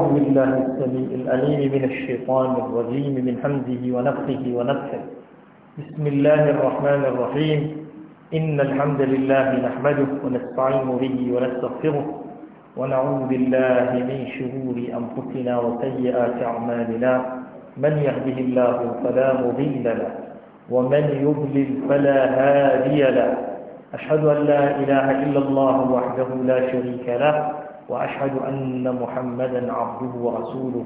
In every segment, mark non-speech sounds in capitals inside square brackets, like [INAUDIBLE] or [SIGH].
أعوذ بالله السميع الأليم من الشيطان الرجيم من حمده ونفخه ونفخه بسم الله الرحمن الرحيم إن الحمد لله نحمده ونستعين به ونستغفره ونعوذ بالله من شرور أنفسنا وسيئات أعمالنا من يهده الله فلا مضل له ومن يضلل فلا هادي له أشهد أن لا إله إلا الله وحده لا شريك له وأشهد أن محمدا عبده ورسوله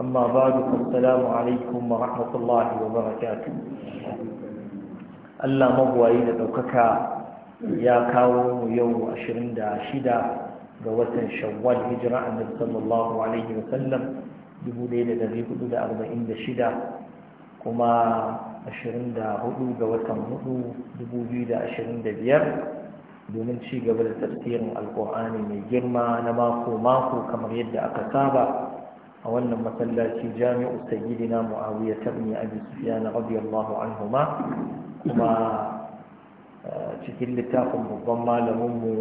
أما بعد فالسلام عليكم ورحمة الله وبركاته Allah magwayi da ɗaukaka ya kawo mu yau 26 ga watan shawwal hijira annabi sallallahu alaihi wa sallam 1446 kuma 24 ga watan 4 2025 domin ci gaba da tafsirin alkur'ani mai girma na mako-mako kamar yadda aka saba a wannan masallaci jami'u sayyidina muawiya tabni abi sufyan radiyallahu anhuma kuma cikin littafin babban malamin mu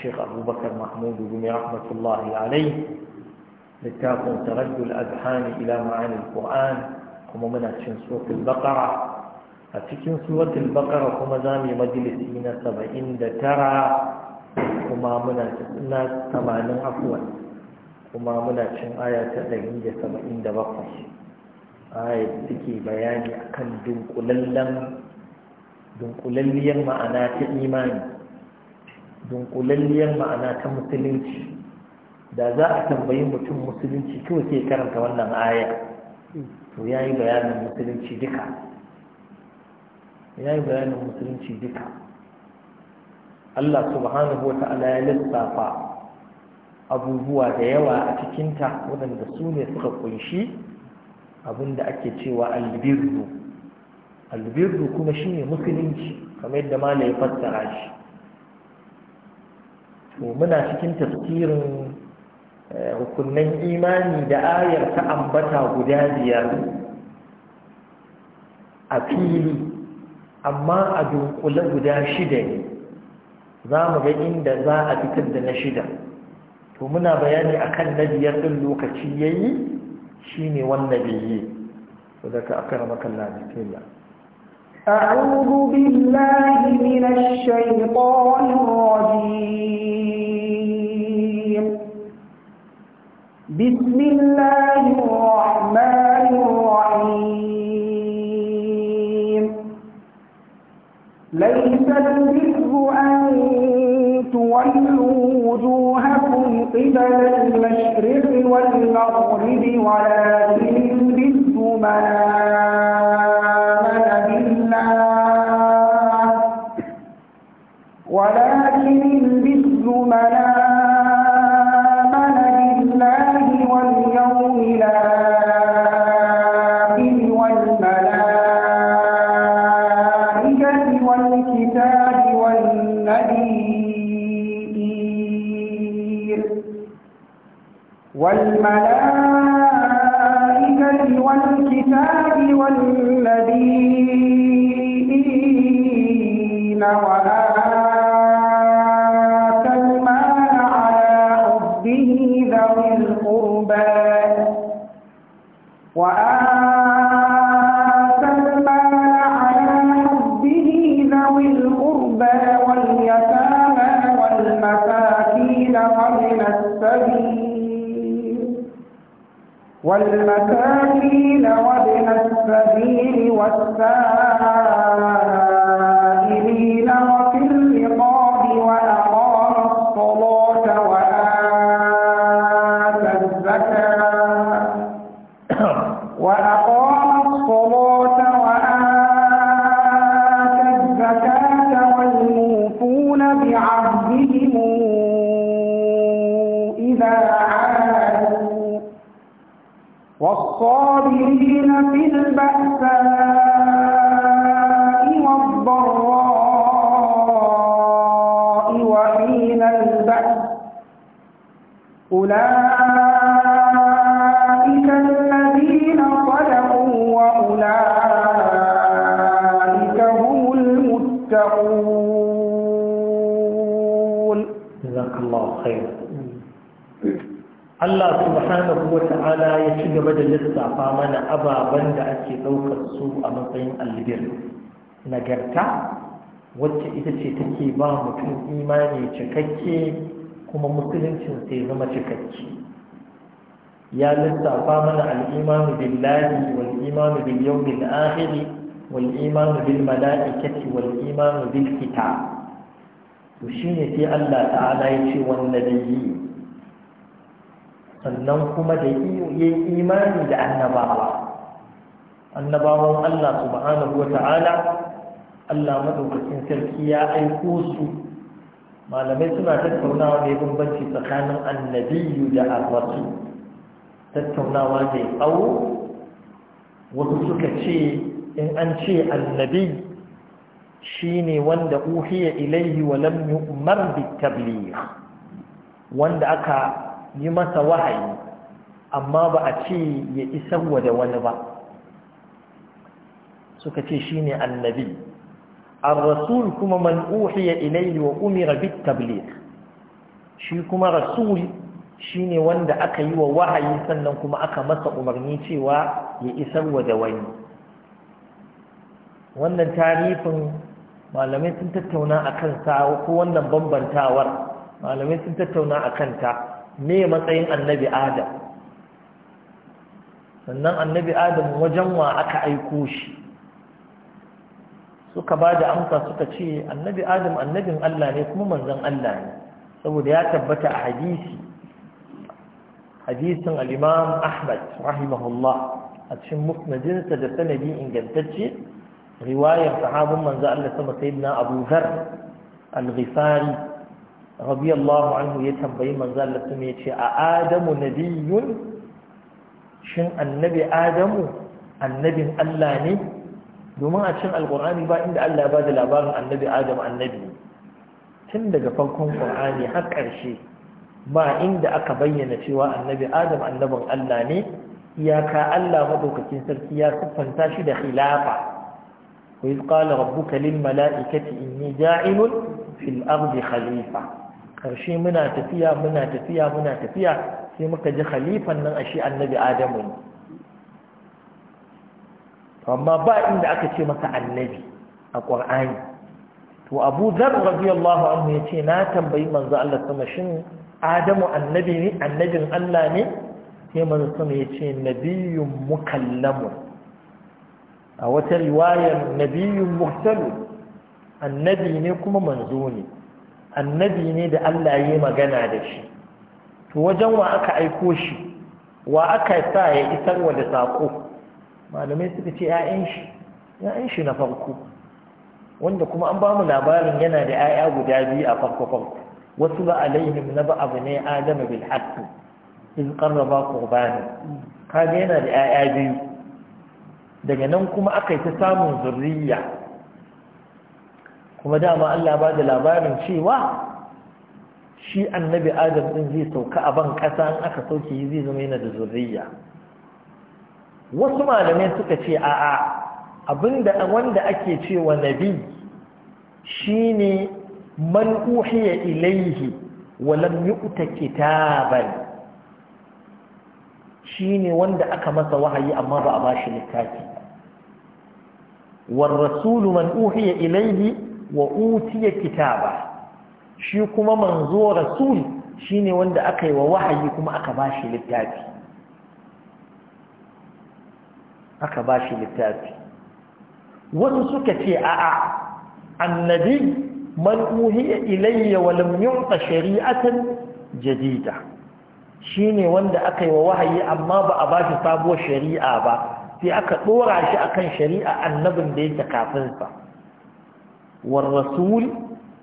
Sheikh Abubakar Mahmud bin rahmatullahi alayhi littafin Taraddul Azhani ila ma'ani alquran kuma muna cin suratul Baqara a cikin suratul baqara kuma za mu yi majalisi na saba'in da tara kuma muna na tamanin afuwan kuma muna cin aya ta ɗari da saba'in da bakwai aya suke bayani akan kan dunkulalliyar ma'ana ta imani dunkulalliyar ma'ana ta musulunci da za a tambayi mutum musulunci kawai sai karanta wannan aya to ya yi bayanin musulunci duka ya yi bayanin musulunci duka Allah subhanahu wa ta'ala ya lissafa abubuwa da yawa a cikinta waɗanda su ne suka kunshi abinda ake cewa albirru albirru kuma shine musulunci kamar yadda malai ya fassara shi to muna cikin tafsirin eh, rukunnan imani da ayar ta ambata guda biyar a fili amma a dunkule guda shida ne za mu ga inda za a fitar da na shida to muna bayani a kan na biyar ɗin lokaci ya yi shi ne wannan biyi yi. akara makalla da tela أعوذ بالله من بسم الله الرحمن قبل المشرق والمغرب ولكن بثم ولكن بثم المساكين ومن السبيل والمساكين ومن السبيل والسائلين وفي الرقاب وأن والصابرين في البأساء والضراء وحين البأس أولئك الذين صدقوا وأولئك هم المتقون جزاك الله خير Allah subhanahu wa ta'ala ya ci gaba da lissafa mana ababen da ake ɗaukar su a matsayin albir nagarta wacce ita ce take ba mutum imani cikakke kuma musuluncin sai zama cikakke ya lissafa mana al'imanu billahi wal imanu bil yawmil akhir wal imanu bil mala'ikati wal imanu bil kitab to shine sai Allah ta'ala ya ce wan nabiyyi sannan kuma da yi imani da annabawa annabawan Allah subhanahu wa ta'ala Allah madaukakin sarki ya aiko su malamai suna tattaunawa mai bambanci tsakanin annabiyu da arwasu tattaunawa mai tsawo wasu suka ce in an ce annabi shine wanda uhiya ilayhi wa lam yu'mar bit wanda aka yi masa wahayi amma ba a ce ya isan wa da wani ba suka ce shi ne annabi al-rasul kuma man uhiya ilayhi wa umira bit tabligh shi kuma rasul shi ne wanda aka yi wa wahayi sannan kuma aka masa umarni cewa ya isar wa da wani wannan tarihin malamai sun tattauna a kansa ko wannan bambantawar malamai sun tattauna a kanta me matsayin annabi adam sannan annabi adam wajen wa aka aiko shi suka ba da amsa suka ce annabi adam annabin Allah ne kuma manzan Allah ne saboda ya tabbata a hadisi hadisin al-imam ahmad rahimahullah a cikin musnadinsa da sanadi ingantacce riwayar sahabin manzan Allah sama sayyidina Abu Dharr al rifari radiyallahu anhu ya tambayi manzo Allah kuma yace a adamu nabiyyun shin annabi adamu annabin Allah ne domin a cin alqur'ani ba inda Allah ba bada labarin annabi adamu annabi tun daga farkon Kur'ani har ƙarshe ba inda aka bayyana cewa annabi adam annabin Allah ne iyaka Allah maɗaukakin sarki ya siffanta shi da khilafa وإذ قال ربك للملائكة إني جاعل في الأرض خليفة karshe muna tafiya muna tafiya muna tafiya sai muka ji khalifan nan ashe annabi adamu ne amma ba inda aka ce masa annabi a ƙwar'ani to abu zar radiyallahu anhu ya ce na tambayi manzo Allah sama shin adamu annabi ne annabin Allah ne sai manzo sama ya ce nabiyyun mukallamu a wata riwayar nabiyyun mursalu annabi ne kuma manzo ne annabi ne da Allah ya magana da shi to wajen wa aka aiko shi wa aka sa ya isar wa da saƙo malamai suka ce 'ya'yan shi 'ya'yan shi na farko wanda kuma an bamu labarin yana da 'ya'ya guda biyu a farko farko wasu ba alaihim na ba abu ne adama bil haqqi in qarraba qurbana kaga yana da 'ya'ya biyu daga nan kuma aka yi ta samun zurriya kuma dama Allah ba da labarin cewa shi annabi adam din zai sauka a ban ƙasa in aka sauke zai zama yana da zurriya wasu malamai suka ce a'a abinda wanda ake cewa nabi shine man uhiya ilaihi wa lam yu'ta kitaban shine wanda aka masa wahayi amma ba a bashi littafi Wa rasulu man uhiya ilaihi wa utiya kitaba shi kuma manzo rasul shine wanda aka yi wa wahayi kuma aka bashi littafi aka bashi littafi wasu suka ce a'a annabi man uhiya ilayya wa lam yu'ta shari'atan jadida shine wanda aka yi wa wahayi amma ba a bashi sabuwar shari'a ba sai aka dora shi akan shari'a annabin da yake kafin sa والرسول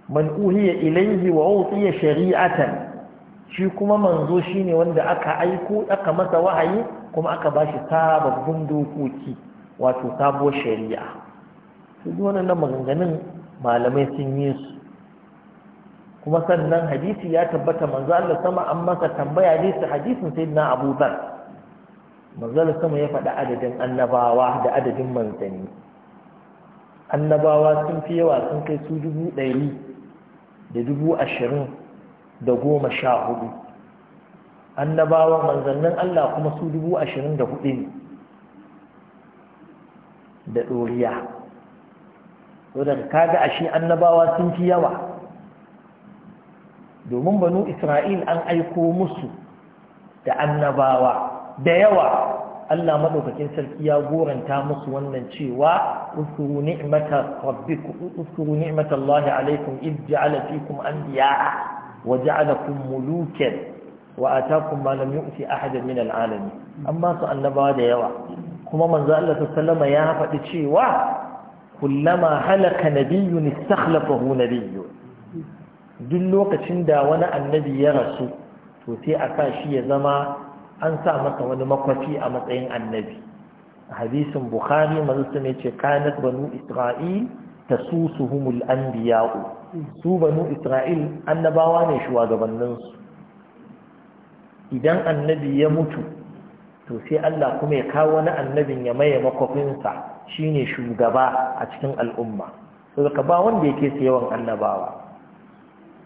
من أوهي إليه وأوطي شريعة shi kuma manzo shine wanda aka aiko aka masa wahayi kuma aka bashi sababbin dokoki wato sabuwar shari'a su wannan maganganun malamai sun yi su kuma sannan hadisi ya tabbata manzo Allah sama an masa tambaya ne su hadisin sayyidina Abu Dharr manzo Allah sama ya faɗi adadin annabawa da adadin manzanni annabawa sun fi yawa sun kai su dubu ɗari da dubu ashirin da goma sha hudu annabawa manzannin Allah kuma su dubu ashirin da hudu ne da ɗoriya wadda kaga ashe annabawa sun fi yawa domin banu isra'il an aiko musu da annabawa da yawa Allah madaukakin sarki ya goranta musu wannan cewa usuru ni'mata rabbikum ni'mata Allah alaikum id ja'ala fikum anbiya wa ja'alakum mulukan wa atakum ma lam yu'ti ahadan min al'alamin amma su annabawa da yawa kuma manzo Allah sallama ya faɗi cewa kullama halaka nabiyyun istakhlafahu nabiyyun duk lokacin da wani annabi ya rasu to sai a ka shi ya zama an sa masa wani makwafi a matsayin annabi a hadisin bukhari mazusta ne ce kanat banu isra'il ta su su humul an su banu isra'il annabawa ne shugabanninsu idan annabi ya mutu to sai allah kuma ya kawo wani annabin ya maye makwafinsa shine shugaba a cikin al'umma saboda ba wanda yake yawan annabawa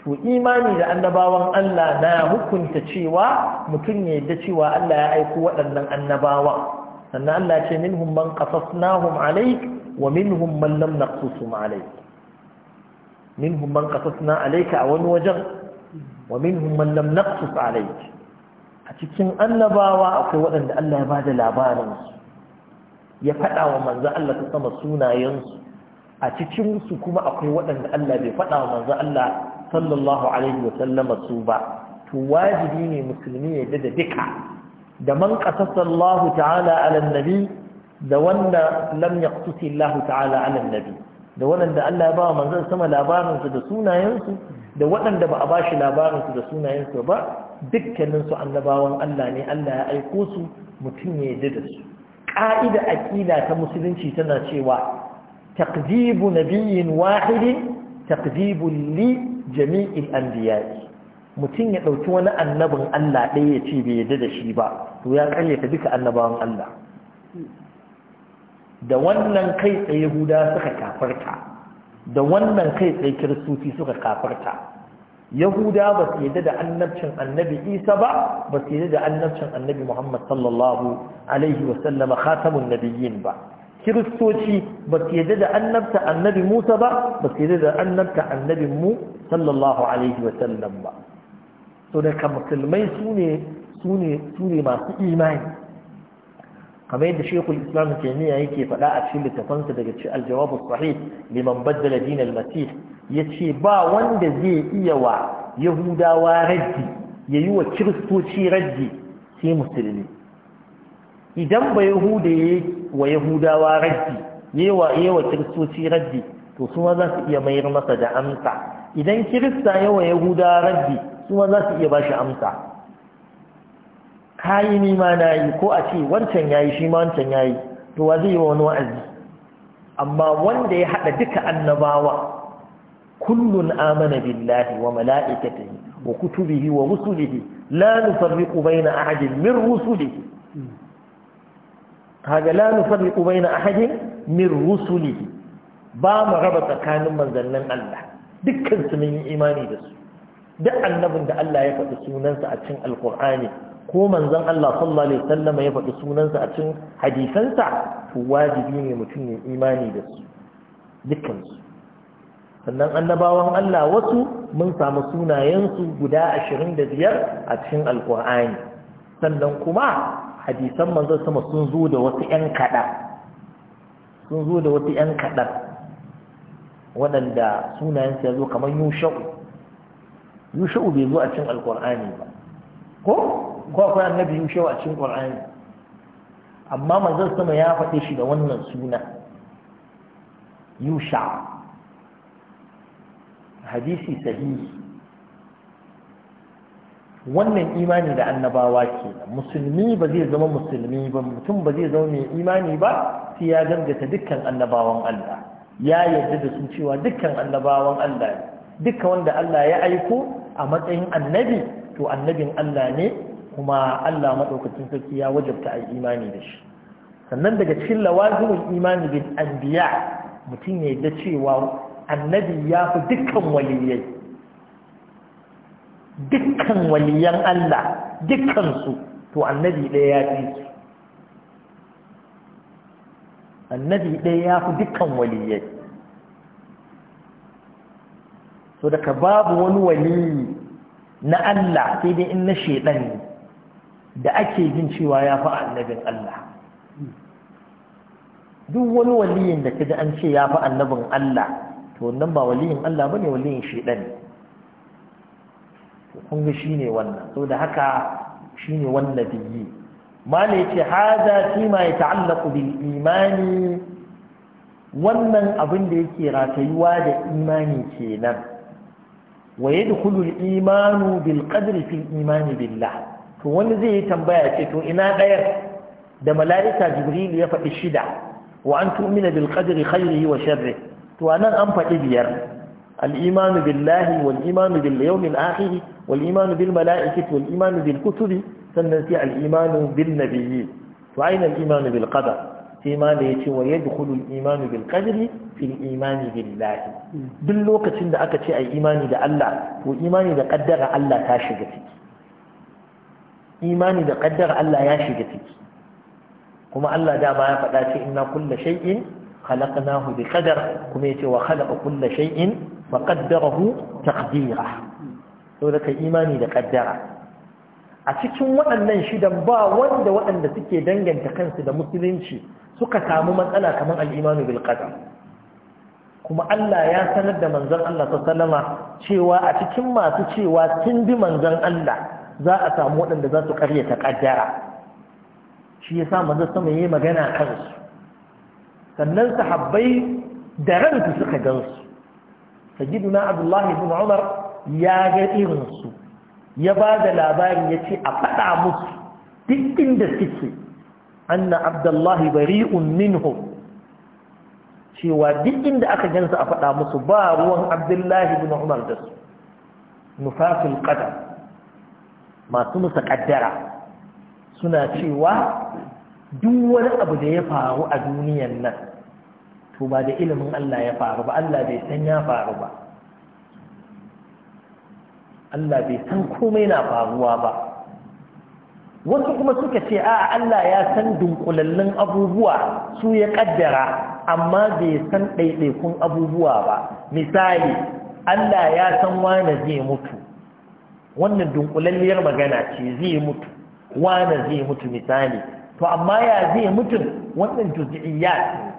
to imani da annabawan Allah na hukunta cewa mutum ya da cewa Allah ya aiko waɗannan annabawa sannan Allah ce minhum man qasasnahum alayk wa minhum man lam naqsusum alayk minhum man qasasna alayka a wani wajen wa minhum man lam naqsus alayk a cikin annabawa akwai waɗanda Allah ya bada labarin ya faɗa wa manzo Allah ta sama sunayensu a cikin su kuma akwai waɗanda Allah bai faɗa wa manzo Allah sallallahu alaihi wa sallama su ba to wajibi ne musulmi ya da duka da man qasasa Allah ta'ala ala annabi da wanda lam yaqtusi Allah ta'ala ala annabi da wanda Allah ya ba manzon sama labarin su da sunayen su da waɗanda ba a bashi shi labarin su da sunayen su ba dukkanin su annabawan Allah ne Allah ya aiko su mutum ya yarda su ka'ida aqida ta musulunci tana cewa taqdibu nabiyyin wahidin taqdibu li jami'in anbiya'i mutum ya ɗauki wani annabin Allah ɗaya ya ce bai yadda da shi ba to ya karyata duka annabawan Allah da wannan kai tsaye Yahuda suka kafarta da wannan kai tsaye Kiristoci suka kafarta Yahuda ba su yadda da annabcin annabi Isa ba ba su yadda da annabcin annabi Muhammad sallallahu alaihi wa khatamun nabiyyin ba kiristoci ba su yadda da annabta annabi Musa ba ba su yadda da annabta annabi mu sallallahu alaihi wa sallam ba to da musulmai sune masu imani kamar yadda shekul islam jami'a yake faɗa a cikin littafansa daga ci aljawabu sahih liman baddala din almasih yace ba wanda zai iya wa yahudawa raddi yayi wa kiristoci raddi sai musulmi idan ba yahuda yayi wa yahudawa raddi yewa yewa kiristoci raddi to su ma za su iya mayar masa da amsa idan kirista yawa yahudawa raddi su ma za su iya ba shi amsa kayi ni ma na yi ko a ce wancan yayi shi ma wancan yayi to wa zai yi wa wani wa'azi amma wanda ya haɗa duka annabawa kullun amana billahi wa mala'ikatihi wa kutubihi wa rusulihi la nufarriqu baina ahadin min rusulihi kaga la nufarriqu baina ahadin min rusulihi ba mu raba tsakanin manzannin Allah dukkan su mun yi imani da su duk annabin da Allah ya faɗi sunansa a cikin alqur'ani ko manzon Allah sallallahu alaihi wasallam ya faɗi sunansa a cikin hadisansa to wajibi ne mutum ya imani da su dukkan su sannan annabawan Allah wasu mun samu sunayensu guda 25 a cikin alkur'ani sannan kuma hadisan manzon sama sun zo da wasu ƴan kaɗan sun zo da wasu ƴan kaɗan waɗanda sunayensu ya zo kamar yusha'u yusha'u bai zo a cikin alƙur'ani ba ko ko akwai annabi yusha'u a cikin Alƙur'ani? amma manzon sama ya faɗe shi da wannan suna yusha hadisi sahihi wannan imani da annabawa ke musulmi ba zai zama musulmi ba mutum ba zai zama mai imani ba sai ya gangata dukkan annabawan Allah ya yarda da su cewa dukkan annabawan Allah ne dukkan wanda Allah ya aiko a matsayin annabi to annabin Allah ne kuma Allah madaukakin sarki ya wajabta a imani da shi sannan daga cikin lawazimin imani bil anbiya mutum ya yarda cewa annabi ya fi dukkan waliyai dukkan waliyan Allah dukkansu to annabi ɗaya ya fi su annabi ɗaya ya fi dukkan waliyai so daga babu wani wali na Allah sai dai in na shaidan ne da ake jin cewa ya fi annabin Allah duk wani waliyin da ka ji an ce ya fi annabin Allah to wannan ba waliyin Allah bane waliyin shaidan ne kun shi ne wannan so da haka ne wannan biyi malai yace haza shi ma ya ta'allaqu bil imani wannan abin da yake ratayuwa da imani kenan wa yadkhulu al imanu bil qadri imani billah to wani zai yi tambaya ce to ina dayar da mala'ika jibril ya faɗi shida wa an tu'mina bil qadri khairihi wa sharri to anan an faɗi biyar al imanu billahi wal imanu bil yawmil akhir والإيمان بالملائكة والإيمان بالكتب سننسي الإيمان بالنبي وأين الإيمان بالقدر فيما ليتي ويدخل الإيمان بالقدر في الإيمان بالله باللوكة عند أكتي أي إيمان دا الله وإيمان دا قدر الله تاشقتك إيمان دا قدر الله ياشقتك كما الله دا ما يفعل إن كل شيء خلقناه بقدر كما يتي وخلق كل شيء وقدره تقديره so da imani da kaddara a cikin waɗannan shidan ba wanda waɗanda suke danganta kansu da musulunci suka samu matsala kamar al'imanu bil qadar kuma Allah ya sanar da manzon Allah sallama cewa a cikin masu cewa kin bi manzon Allah za a samu waɗanda za su ta kaddara shi yasa manzon sama yayi magana kansu sannan sahabbai da ransu suka gansu sajiduna abdullahi ibn umar ya ga irinsu ya ba da labari ya ce a faɗa musu duk inda suke anna abdullahi bari'un minhum cewa duk inda aka gansu a faɗa musu ba ruwan abdullahi bin umar da su nufasul qadam masu musa kaddara suna cewa duk wani abu da ya faru a duniyan nan to ba da ilimin Allah ya faru ba Allah bai san ya faru ba Allah bai san komai na faruwa ba wasu kuma suka ce a Allah ya san dunkulallun abubuwa su ya kaddara amma bai san ɗaiɗaikun abubuwa ba misali Allah ya san wane zai mutu wannan dunkulalliyar magana ce zai mutu wane zai mutu misali to amma ya zai mutu wannan juzi'iyya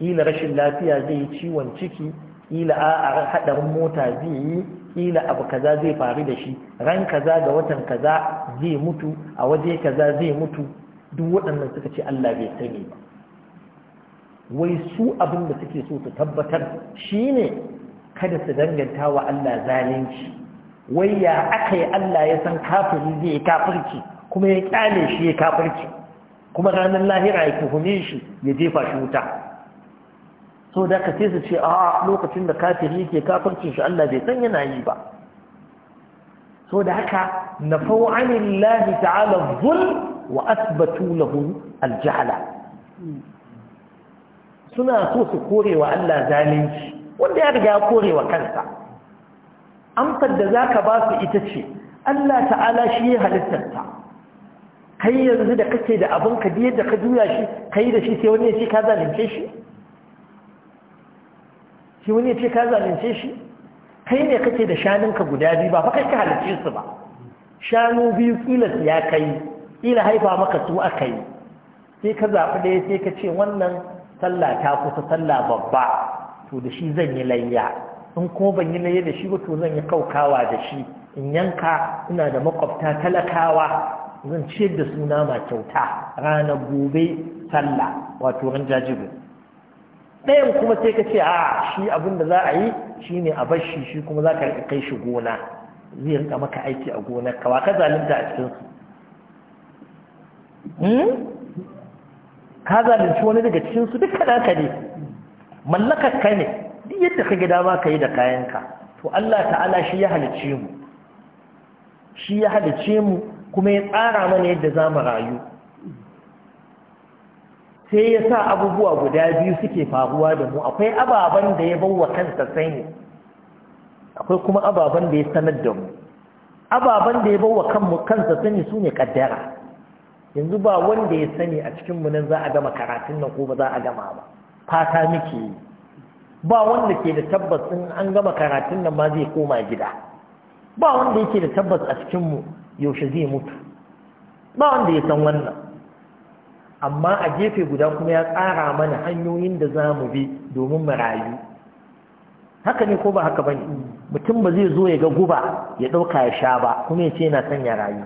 ila rashin lafiya zai yi ciwon ciki ila a haɗarin mota zai yi kila abu kaza zai faru da shi ran kaza ga watan kaza zai mutu a waje kaza zai mutu duk waɗannan suka ce Allah bai sani ba wai su abin da suke so su tabbatar shine kada su danganta wa Allah zalunci wai ya aka Allah ya san kafiri zai yi kafirci kuma ya kyale shi ya kafirci kuma ranar lahira ya tuhume shi ya jefa shi wuta so da ka ce su ce a lokacin da kafiri yake kafircin shi Allah bai san yana yi ba so da haka nafau anillahi ta'ala zul wa asbatu lahu aljahala suna so su kore wa Allah zalunci wanda ya riga korewa kore wa kansa amsar da zaka ba su ita ce Allah ta'ala shi ya halittarta kai yanzu da kake da abin ka da yadda ka juya shi kai da shi sai wani ya ce ka zalunce shi sai wani ce ka zalunce shi kai ne kake da shanunka guda biyu ba fa kai ka halarce su ba shanu biyu kila ya kai kila haifa maka su aka yi sai ka zaɓi ɗaya sai ka ce wannan sallah ta kusa sallah babba to da shi zan yi layya in kuma ban yi layya da shi ba to zan yi kaukawa da shi in yanka ina da makwabta talakawa zan ciyar da suna ma kyauta ranar gobe sallah wato ran jajibu ɗayan kuma sai ka ce a shi abin da za a yi shi ne a bashi shi kuma za ka kai shi gona zai rinka maka aiki a gona kawa ka zalunta a cikinsu hmm? ka zalunci wani daga cikinsu kana ka ne mallakar ka ne duk yadda ka gida ma ka yi da kayanka to Allah ta'ala shi ya halice mu shi ya halice mu kuma ya tsara mana yadda za mu rayu sai ya sa abubuwa guda biyu suke faruwa da mu akwai ababen da ya wa kansa sani akwai kuma ababen da ya sanar da mu ababen da ya bawa kanmu kansa sani su ne kaddara yanzu ba wanda ya sani a cikin mu nan za a gama karatun nan ko ba za a gama ba fata muke yi. ba wanda ke da tabbas in an gama karatun nan ma zai koma gida ba wanda yake da tabbas a cikin mu yaushe zai mutu ba wanda ya san wannan amma a gefe guda kuma ya tsara mana hanyoyin da za mu bi domin mu rayu haka ne ko ba haka ba mutum ba zai zo ya ga guba ya ɗauka ya sha ba kuma ya ce yana son ya rayu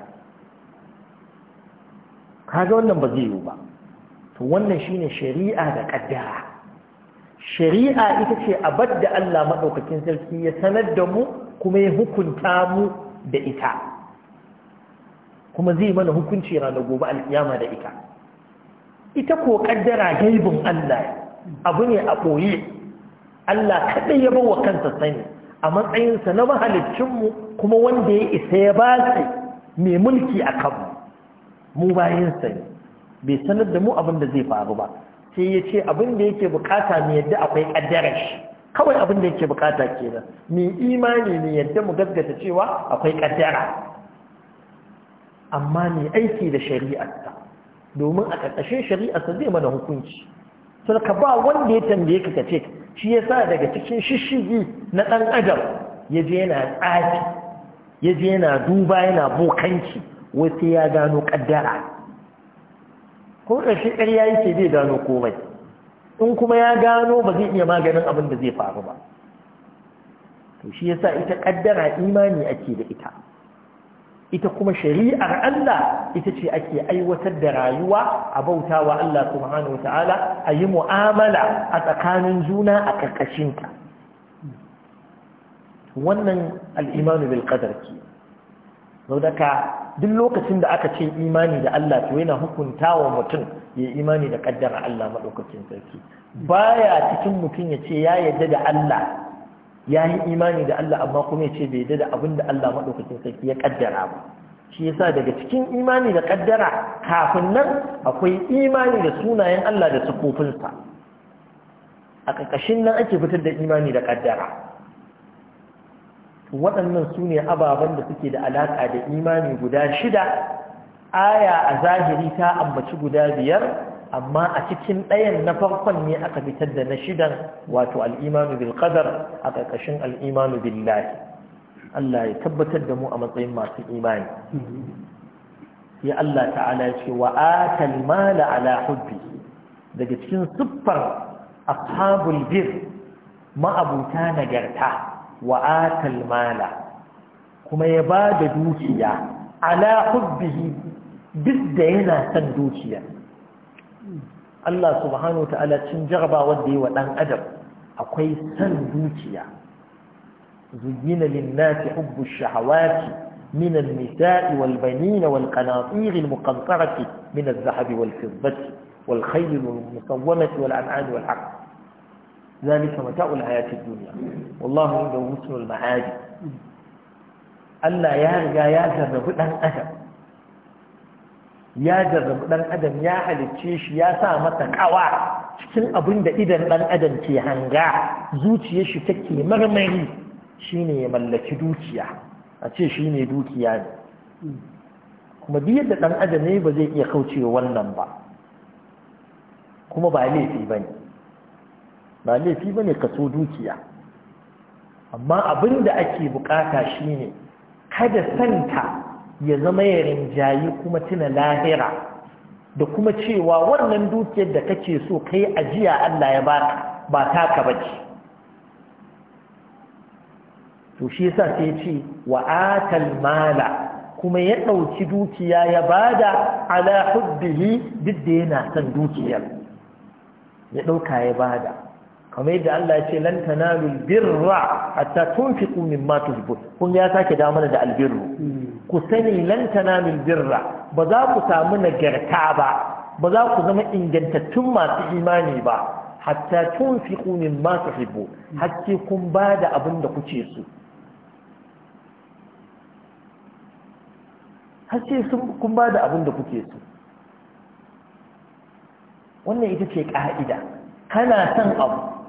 kaga wannan ba zai yiwu ba to wannan shine shari'a da kaddara shari'a ita ce abad da Allah maɗaukakin sarki ya sanar da mu kuma ya hukunta mu da ita kuma zai mana hukunci ranar gobe alkiyama da ita ita ko kaddara gaibin Allah abu ne a ɓoye Allah kaɗai ya bawa kansa sani a matsayinsa na mahalicinmu kuma wanda ya isa ya ba su mai mulki a kanmu mu bayansa ne bai sanar da mu abin da zai faru ba sai ya ce abin da yake bukata mai yadda akwai ƙaddarar shi kawai abin da yake bukata kenan mai imani ne yadda mu gaggata cewa akwai ƙaddara amma mai aiki da ta. domin a ƙarƙashin shari'arsa zai mana hukunci sun ka ba wanda ya tambaye ka kace shi ya sa daga cikin shishigi na ɗan adam ya je yana tsafi ya je yana duba yana bokanci wasu ya gano ƙaddara ko ƙarshe ƙarya yake zai gano komai in kuma ya gano ba zai iya maganin abin da zai faru ba to shi ya sa ita ƙaddara imani ake da ita ita kuma shari'ar Allah ita ce ake aiwatar da rayuwa a bautawa Allah subhanahu wata'ala a yi mu'amala a tsakanin juna a ƙarƙashinta wannan al'imanu bil qadar ke saudaka duk lokacin da aka ce imani da Allah to yana hukunta wa mutum ya imani da ƙaddara Allah maɗaukacin sarki baya cikin mutum ya ce ya yarda da Allah ya yi imani da Allah amma kuma ya ce bai yadda da abin da Allah maɗaukacin sarki ya ƙaddara ba shi yasa daga cikin imani da ƙaddara kafin nan akwai imani da sunayen Allah da sukufinsa a ƙarƙashin nan ake fitar da imani da ƙaddara waɗannan su ne ababen da suke da alaƙa da imani guda shida aya a zahiri ta ambaci guda biyar amma a cikin ɗayan na farkon ne aka fitar da na shidan wato al'imanu bil a ƙarƙashin al'imanu billahi Allah ya tabbatar da mu a matsayin masu imani ya Allah ta'ala ce wa atal mala ala hubbi daga cikin siffar ashabul bir ma'abuta nagarta wa atal mala kuma ya ba da dukiya ala hubbihi duk da yana son dukiya Allah subhanahu ta'ala cin jarba wanda yi wa ɗan adam akwai san dukiya zuyina linnati hubbu shahawati min al-nisa'i wal banina wal qanatir al muqantarati min al-dhahabi wal fiddati wal khayl al musawwamati wal an'am wal haqq ذلك متاع الحياة الدنيا والله عنده حسن المعاد Allah ya riga ya jarrabu ɗan adam ya jarrabu ɗan adam ya halicce shi ya sa masa kawa cikin abin da idan ɗan adam ke hanga zuciya shi take marmari shi ne ya mallaki dukiya a ce shi ne dukiya ne kuma biyar da ɗan adam ne ba zai iya kaucewa wannan ba kuma ba laifi ba ne ba laifi ba ne kaso dukiya amma abin da ake bukata ne kada santa ya zama ya rinjayi kuma tuna lahira da kuma cewa wannan dukiyar da kake so kai ajiya Allah ya baka ba taka bace to shi yasa sai ya ce wa atal mala kuma ya dauki dukiya ya bada ala hubbihi duk da yana son dukiyar ya dauka ya bada kamar yadda Allah ya ce lan tanalu birra hatta tunfiqu mimma tuhibbun kun ya sake da mana da albirru ku sani lan tanalu birra ba za ku samu nagarta ba ba za ku zama ingantattun masu imani ba hatta tunfiqu mimma tuhibbun hakki kun ba da abin da kuke so hakki kun ba da abin da kuke so wannan ita ce ka'ida kana son abu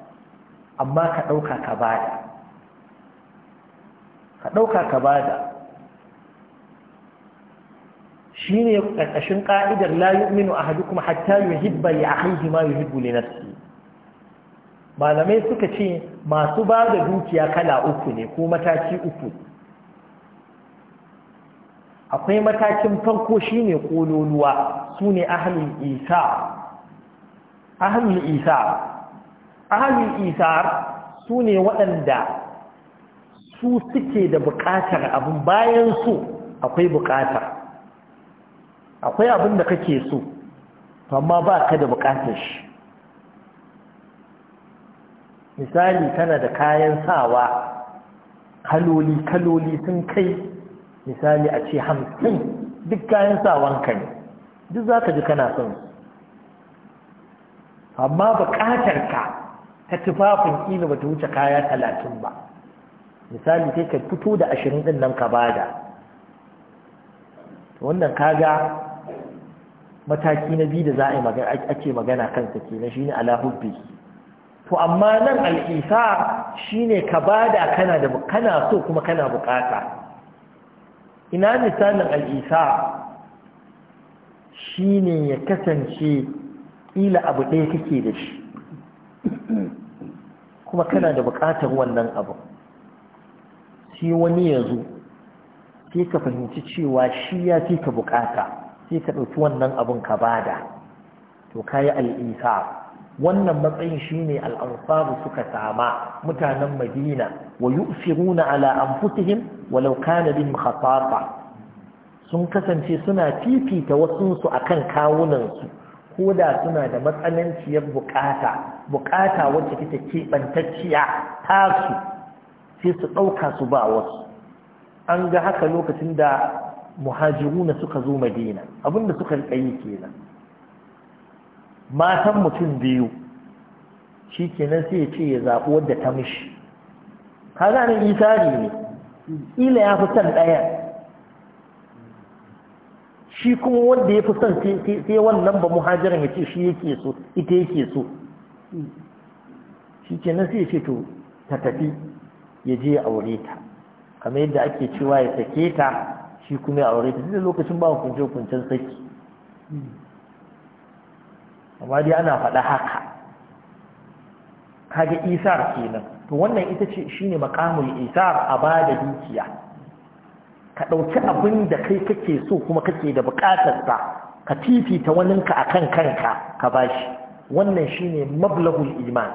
amma ka ɗauka ka bada ka ɗauka ka bada shi ne ƙarƙashin ƙa'idar a hadu kuma hatta yuhibba a haihi ma yuhibbu li nafsihi malamai suka ce masu ba da dukiya kala uku ne ko mataki uku akwai matakin farko shi ƙololuwa su sune ahalin isa ahalin isa ahalin isar su ne waɗanda su suke da buƙatar abin bayan su akwai buƙatar akwai abin da kake so amma ba ka da buƙatar shi misali tana da kayan sawa kaloli-kaloli sun kai misali a ce hamsin duk kayan sawan ne duk za ka ji kana son su amma ka. ta tufafin kila bata wuce kaya talatin ba misali sai ka fito da ashirin ɗin nan ka bada wannan kaga mataki na biyu da za a yi magana ake magana kansa kenan shi ala hubbi to amma nan al'isa shine ka bada kana da kana so kuma kana bukata ina misalin al'isa shine ya kasance kila abu ɗaya kake da shi kuma kana da buƙatar wannan abu sai wani ya zo sai ka fahimci cewa shi ya fi ka buƙata sai ka ɗauki wannan abun ka bada to ka yi al'isa wannan matsayin shine al'amfabu suka sama mutanen madina wa yu'siruna ala anfusihim walau kana bihim sun kasance suna fifita wasunsu akan kawunansu ko da suna da matsananciyar bukata bukata wacce take keɓantacciya tasu sai su ɗauka su ba wasu an ga haka lokacin da muhajiru muhajiruna suka zo madina abinda suka yi kenan matan mutum biyu shi kenan sai ya ce ya zaɓo wadda ta mishi kaga nan isari ne ila ya fi son ɗayan shi kuma wanda ya fi son sai wannan ba muhajirin ya ce shi yake so ita yake so shi ke nan sai ce to ta tafi ya je aure ta kamar yadda ake cewa ya sake ta shi kuma ya aure ta duk lokacin ba kunce hukuncen saki amma dai ana faɗa haka kaga isar kenan to wannan ita ce shine makamul isar a bada dukiya ka ɗauki abin da kai kake so kuma kake da buƙatarsa ka fifita waninka a kan kanka ka bashi wannan ne mablagul iman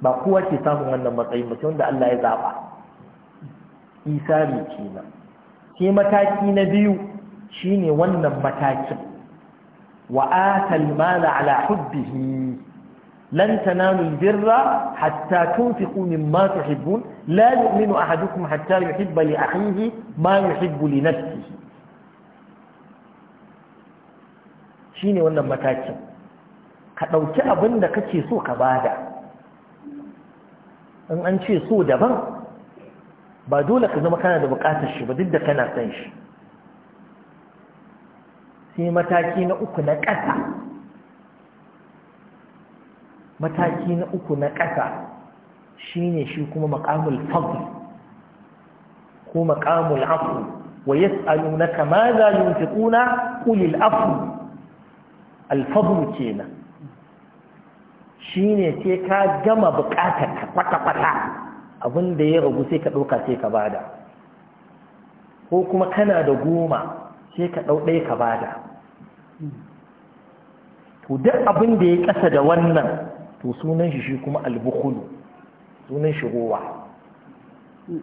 ba kowa ke samun wannan matsayin ba sai wanda Allah ya zaɓa isa ne nan, sai mataki na biyu shine wannan matakin wa mala ala hubbihi lan tanalul birra hatta tunfiqu mimma tuhibbun la yu'minu ahadukum hatta yuhibba li akhihi ma yuhibbu li nafsihi shine wannan matakin ka ɗauki abin da kake so ka bada in an ce so daban ba dole ka zama kana da bukatar shi ba duk da kana san shi sai mataki na uku na ƙasa mataki na uku na ƙasa shine shi kuma maqamul fadl ko maqamul afu. wa yas'alunaka ma za yunfiquna qulil afw al fadl kenan shine sai ka gama bukatar kwata kwata abinda ya ragu sai ka ɗauka sai ka bada ko kuma kana da goma sai ka dau ɗaya ka bada to duk abin da ya ƙasa da wannan to sunan shi shi kuma albukhulu sunan shigowa rowa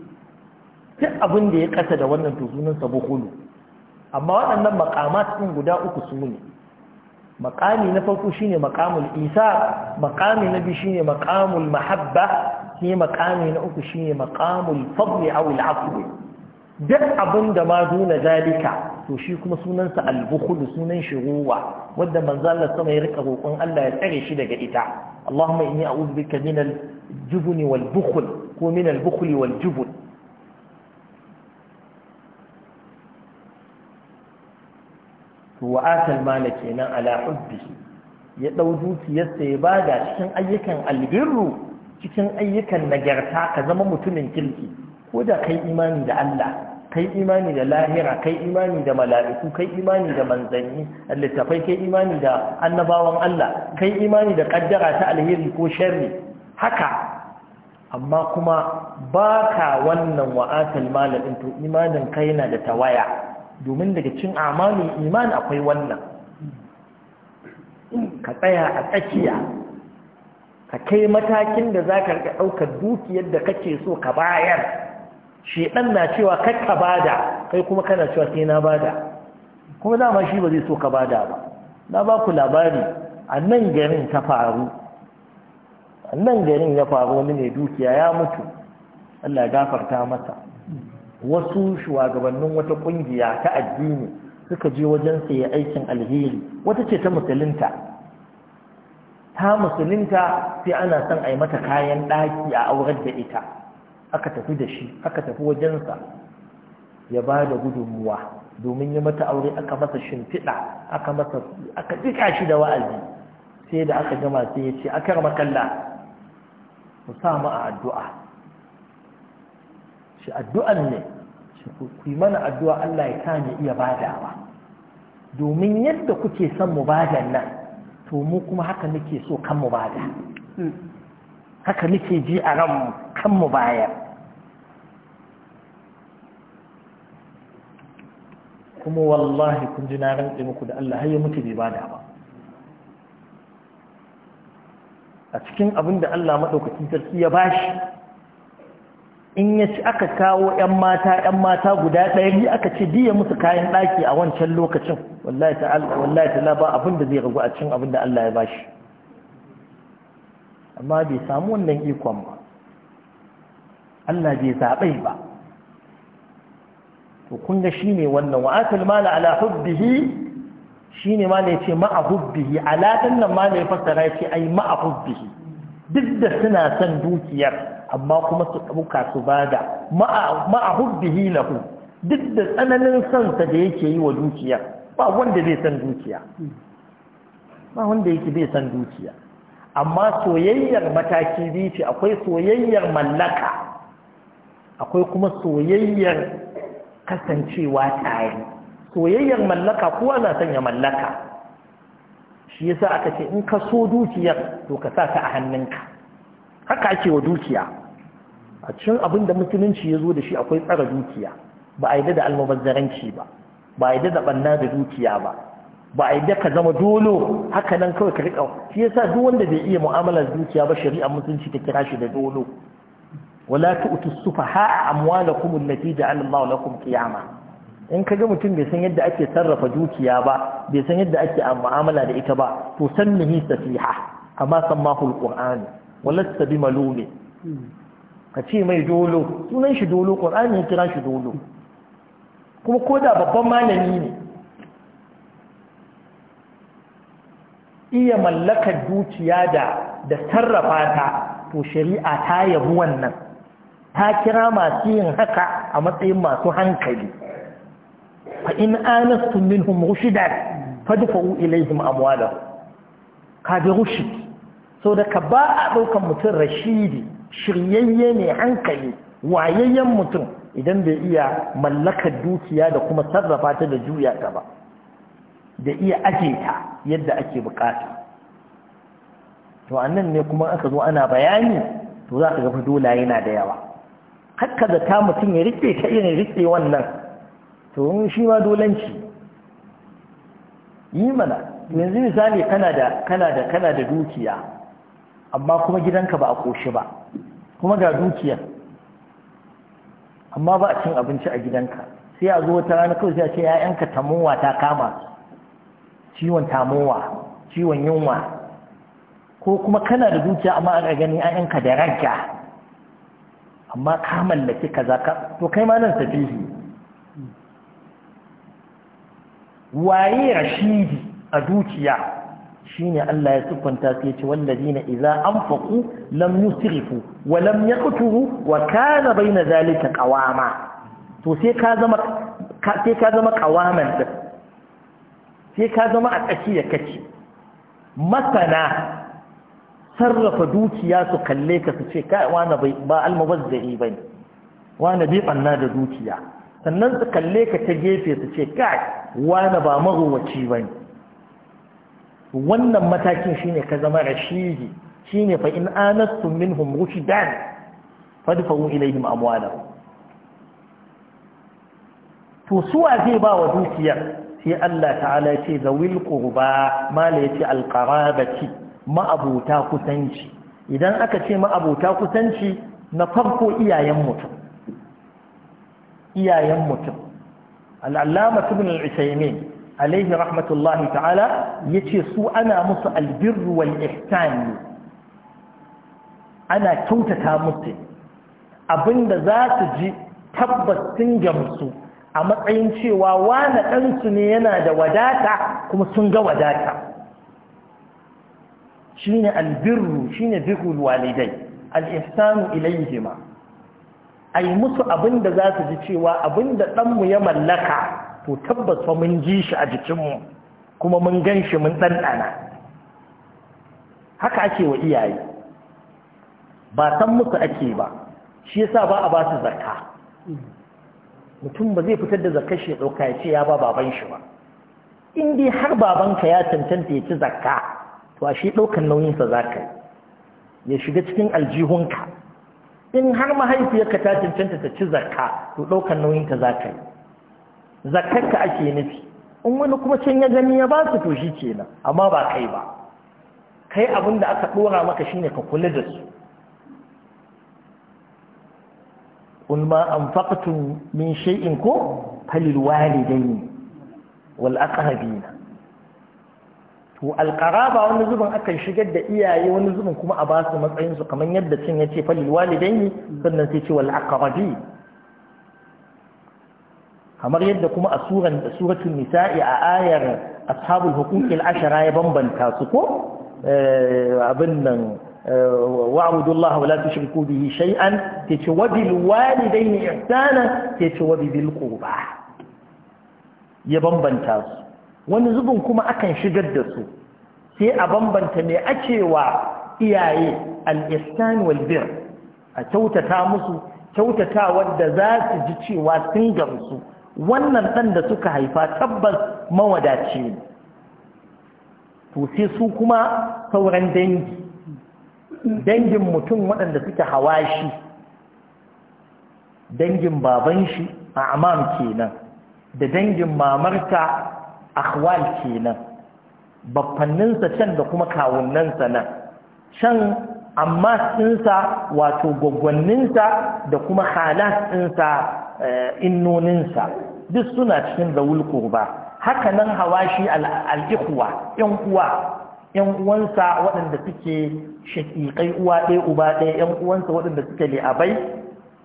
duk abin da ya kasa da wannan to sunan sa amma waɗannan maqamat in guda uku su ne na farko shine maqamul isa makami na biyu shine makamul mahabba sai makami na uku shine makamul fadli aw al-afwi duk abin da ma zuna zalika to shi kuma sunansa al sunan shiruwa wadda wanda manzo Allah sama ya rika roƙon Allah ya tsare shi daga ita Allahumma inni a'udhu bika min al-jubn wal-bukhul ko min al-bukhul wal-jubn wa atal mala kenan ala hubbihi ya dau dukiyarsa ya bada cikin ayyukan albirru cikin ayyukan nagarta ka zama mutumin kirki ko da kai imani da Allah kai imani da lahira kai imani da mala'iku kai imani da manzanni littafai kai imani da annabawan Allah kai imani da kaddara ta alheri ko sharri haka amma kuma baka wannan wa'atul malamin to imanin kai yana da tawaya domin daga cin amalin iman akwai wannan ka tsaya a tsakiya ka kai matakin da za ka ɗaukar dukiyar da kake so ka bayar shedan na cewa kai ka bada kai kuma kana cewa sai na bada kuma dama shi ba zai so ka bada ba na ba ku labari a nan garin ta faru a nan garin ya faru wani ne dukiya ya mutu Allah gafarta masa wasu shugabannin wata kungiya ta addini suka je wajen sayi aikin alheri wata ce ta musulunta ta musulunta sai ana son a yi mata kayan ɗaki a aurar da ita aka tafi da shi aka tafi wajensa ya ba da gudunmuwa domin ya mata aure aka masa shimfiɗa aka masa aka tsika shi da wa'azi sai da aka gama sai ya ce akar makalla mu sa mu a addu'a shi addu'an ne shi ku yi mana addu'a Allah ya kame iya badawa domin yadda kuke son mu badan nan to mu kuma haka muke so kan mu bada hmm. haka muke ji a ran kan mu bayar kuma wallahi kun ji na rantse muku da Allah har ya mutu bai bada ba a cikin abin da Allah madaukakin sarki ya bashi in ya ci aka kawo 'yan mata 'yan mata guda ɗaya ni aka ce biya musu kayan ɗaki a wancan lokacin wallahi ta'ala ba abin da zai ragu a cikin abin da Allah ya bashi amma bai samu wannan ikon ba Allah bai zaɓai ba to kun ga ne wannan wa atul mala ala hubbihi shine mala yace ma'a hubbihi nan mala ya fassara yace ai ma'a hubbihi duk da suna son dukiyar amma kuma su ɗauka su bada ma'a ma'a hubbihi lahu duk da tsananin son da yake yi wa dukiyar ba wanda zai san dukiya ba wanda yake bai san dukiya amma soyayyar mataki biyu ce akwai soyayyar mallaka akwai kuma soyayyar kasancewa tare soyayyar mallaka kowa na son ya mallaka shi yasa aka ce in ka so dukiyar to ka sa ta a hannunka haka ake wa dukiya a cikin abin da musulunci ya zo da shi akwai tsara dukiya ba a yi da almubazzaranci ba ba a yi da banna da dukiya ba ba a yi da ka zama dolo haka nan kawai ka riƙa shi yasa duk wanda bai iya mu'amalar dukiya ba shari'ar musulunci ta kira shi da dolo wala tu'tu sufaha amwalakum allati ja'ala Allahu lakum qiyama in kaga mutum bai san yadda ake sarrafa dukiya ba bai san yadda ake mu'amala da ita ba to sannihi safiha kama sammahu alquran walasta bimalumi ka ce mai dolo sunan shi dolo qur'ani ya kira shi dolo kuma ko da babban malami ne iya mallakar dukiya da da sarrafa ta to shari'a ta yabi wannan ta kira masu yin haka a matsayin masu hankali fa in anastum minhum fa dafu ilaihim amwalahum ka bi rushid so da ka ba a ɗaukan mutum rashidi shiryayye ne hankali wayayyen mutum idan bai iya mallakar dukiya da kuma sarrafa ta da juya ta ba da iya aje ta yadda ake bukata to annan ne kuma aka zo ana bayani to za ka ga dole yana da yawa kakka da ta mutum ya rike ta iya rike wannan to shi ma dolanci yi mana yanzu misali kana da kana da kana da dukiya amma kuma gidanka ba a koshi ba kuma ga dukiyar amma ba a cin abinci a gidanka sai a zo wata rana kawai sai a ce ‘ya'yanka tamowa ta kama ciwon tamowa ciwon yunwa ko kuma kana da dukiya amma a gani ‘ya'yanka da ranka amma ka mallaki kaza ka to kai ma nan safihi waye rashidi a dukiya shine Allah ya siffanta sai ya ce wallazina idza anfaqu lam yusrifu wa lam yaqturu wa kana baina zalika qawama to sai ka zama sai ka zama qawaman sai ka zama a tsakiya kace masana sarrafa dukiya su kalle ka su ce kai ba almubazzari ba ne wani bai da dukiya sannan su kalle ka ta gefe su ce kai wani ba marowaci ba ne wannan matakin shine ka zama rashidi shine fa in anastum minhum rushdan fadfa'u ilayhim amwalahum to suwa zai ba wa dukiyar sai Allah ta'ala ce zawil qurba mala yace alqarabati ma'abuta kusanci idan aka ce ma'abuta kusanci na farko iyayen mutum iyayen mutum al'allama ibn al alaihi rahmatullahi ta'ala yace su ana musu albirruwal wal ana kyautata musu abinda za su ji tabbas sun gamsu a matsayin cewa wane ɗansu ne yana da wadata kuma sun ga wadata shine albirru shine birrul walidai al-ihsanu ilayhima ai musu abinda za su ji cewa abinda ɗanmu ya mallaka to tabbas fa mun ji shi a jikinmu kuma mun gan shi mun dandana. haka ake wa iyaye ba san musu ake ba shi yasa ba a ba su zakka mutum ba zai fitar da zakka shi ya ɗauka ya ce ya ba baban shi ba in dai har babanka ya cancanta ya ci zakka to ashe ɗaukan nauyinsa za ka ya shiga cikin aljihunka in har mahaifiyarka ta cancanta ta ci zakka to ɗaukan nauyinta za ka yi zakkarka ake nufi in wani kuma can ya gani ya ba su to shi kenan amma ba kai ba kai abin da aka ɗora maka shine ka kula da su قل ما أنفقتم من شيء كو فللوالدين والأقربين to alqaraba wani zubin akan shigar da iyaye wani zubin kuma a basu matsayin su kamar yadda cin yace falil ne? sannan sai ce wal kamar yadda kuma a suran da nisa'i a ayar ashabul huquqil ashara ya bambanta su ko eh, abin nan eh, wa'budu Allah wa la bihi shay'an tace wa bil walidaini ihsana ce wa bil qurba ya bambanta su wani zubin kuma akan shigar da su sai a bambanta mai ake wa iyaye al-ihsan a kyautata musu kyautata wanda za su ji cewa sun gamsu wannan ɗan da suka haifa tabbas mawadaci ne to sai su kuma sauran dangi dangin mutum waɗanda suke shi, dangin baban shi a amam kenan da dangin mamarta akhwal kenan baffanninsa can da kuma kawunnansa nan can amma ɗinsa wato gwaggwanninsa da kuma halas ɗinsa eh, innoninsa duk suna cikin zawul kurba haka nan shi al'ikuwa ‘yan uwa ‘yan uwansa waɗanda suke shaƙiƙai uwa ɗaya uba ɗaya ‘yan uwansa waɗanda suke li'abai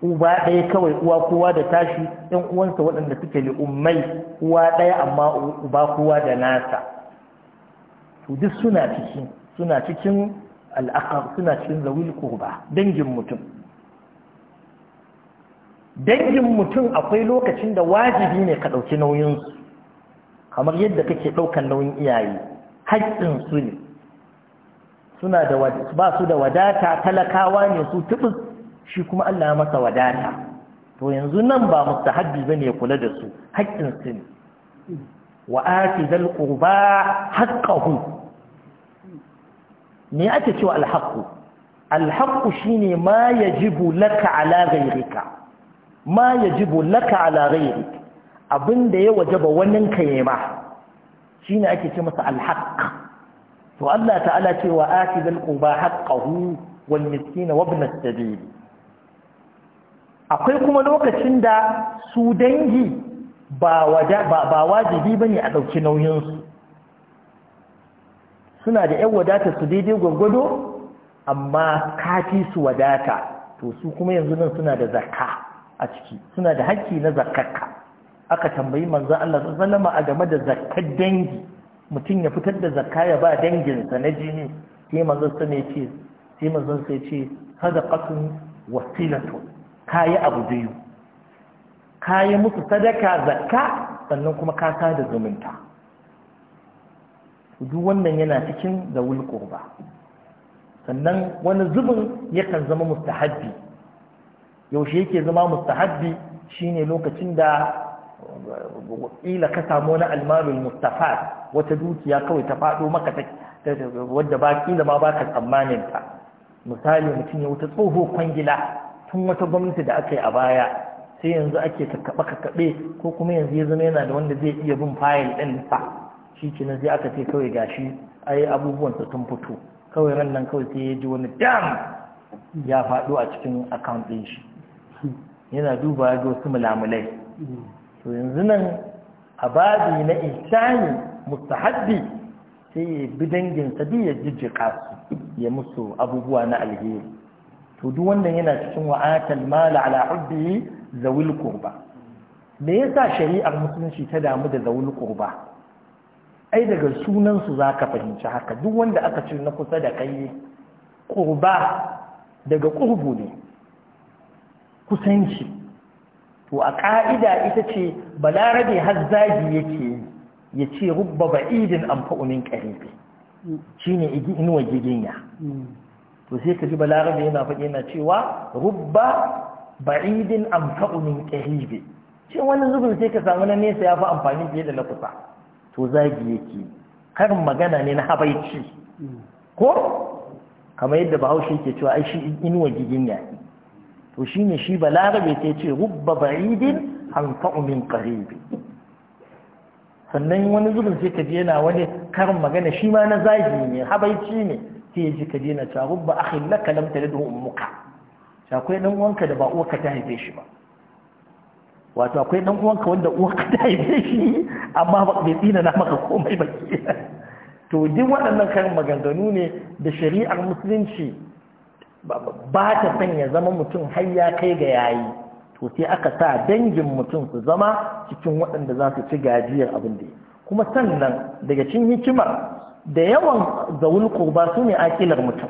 uba ɗaya kawai uwa kowa da tashi ɗan uwansa waɗanda suke li'ummai uwa ɗaya amma uba kowa da nasa to duk suna cikin suna cikin al'aqar suna cikin zawil kurba dangin mutum dangin mutum akwai lokacin da wajibi ne ka ɗauki nauyinsu kamar yadda kake ɗaukar nauyin iyaye su ne suna ba su da wadata talakawa ne su tubus shi kuma Allah ya masa wadata to yanzu nan ba mustahabbi bane ya kula da su haƙƙin su ne wa ati dal qurba haqqahu me ake cewa al haqqu al haqqu shine ma yajibu laka ala ghayrika ma yajibu laka ala ghayrika abinda ya wajaba wannan ka ma, shine ake ce masa al haqq to Allah ta'ala ce wa ati dal qurba haqqahu wal miskin wa ibn as-sabil akwai kuma lokacin da su dangi ba wajibi ba ne a ɗauki nauyinsu suna da ‘yan wadata su daidai gwaggwado amma kafi su wadata to su kuma yanzu nan suna da zakka a ciki suna da haƙƙi na zakkarka aka tambayi manzo Allah sallama a game da zakkar dangi mutum ya fitar da zakka ya ba danginsa na jini sai manzo sai ce sai manzo sai ce hadaqatun wasilatun kayi abu biyu kayi musu sadaka zakka sannan kuma ka sada zumunta duk wannan yana cikin zawul qurba sannan wani zubin yakan zama mustahabbi yaushe yake zama mustahabbi shine lokacin da ila ka samu wani almalul mustafad wata dukiya kawai ta faɗo maka ta wadda ba kila ma baka tsammanin ta misali mutum ya wuta tsoho kwangila tun wata gwamnati da aka yi a baya sai yanzu ake kakkaɓe kaɓe ko kuma yanzu ya zama yana da wanda zai iya bin fayil ɗin fa shi nan sai aka ce kawai gashi ai abubuwan sa sun fito kawai ran nan kawai sai ya ji wani dam ya faɗo a cikin account ɗin shi yana duba ga wasu mulamulai to yanzu nan a babi na ihsani mustahabbi sai ya bi dangin sa ya jijjiƙa ya musu abubuwa na alheri to duk wannan yana cikin wa'atal mala ala hubbihi zawil qurba me yasa shari'ar musulunci ta damu da zawil qurba ai daga sunan su zaka fahimci haka duk wanda aka ce na kusa da kai qurba daga qurbu ne kusanci to a ka'ida ita ce balarabe hazzaji yake yace rubba ba'idin anfa'u min qaribi shine igi inuwa giginya mm. to sai ka ji balarabe yana faɗi yana cewa rubba ba'idin amfa'u min qahibi shin wani zubin sai ka samu na nesa ya fi amfani fiye da na to zagi yake karin magana ne na habaici ko kamar yadda bahaushe ke cewa ai shi inuwa gigin yayi to shine shi balarabe sai ce rubba ba'idin amfa'u min qahibi sannan wani zubin sai ka ji yana wani karin magana shi ma na zagi ne habaici ne ke ji ka je na ta rubba akhin laka lam talidhu ummuka akwai dan uwanka da ba uwarka ta haife shi ba wato akwai dan uwanka wanda uwarka ta haife shi amma ba bai tsina na maka komai ba to duk waɗannan karin maganganu ne da shari'ar musulunci ba ta sanya zama mutum har ya kai ga yayi to sai aka sa dangin mutum su zama cikin waɗanda za su ci gajiyar abin da kuma sannan daga cin hikimar da yawan zawul qurba su ne aƙilar mutum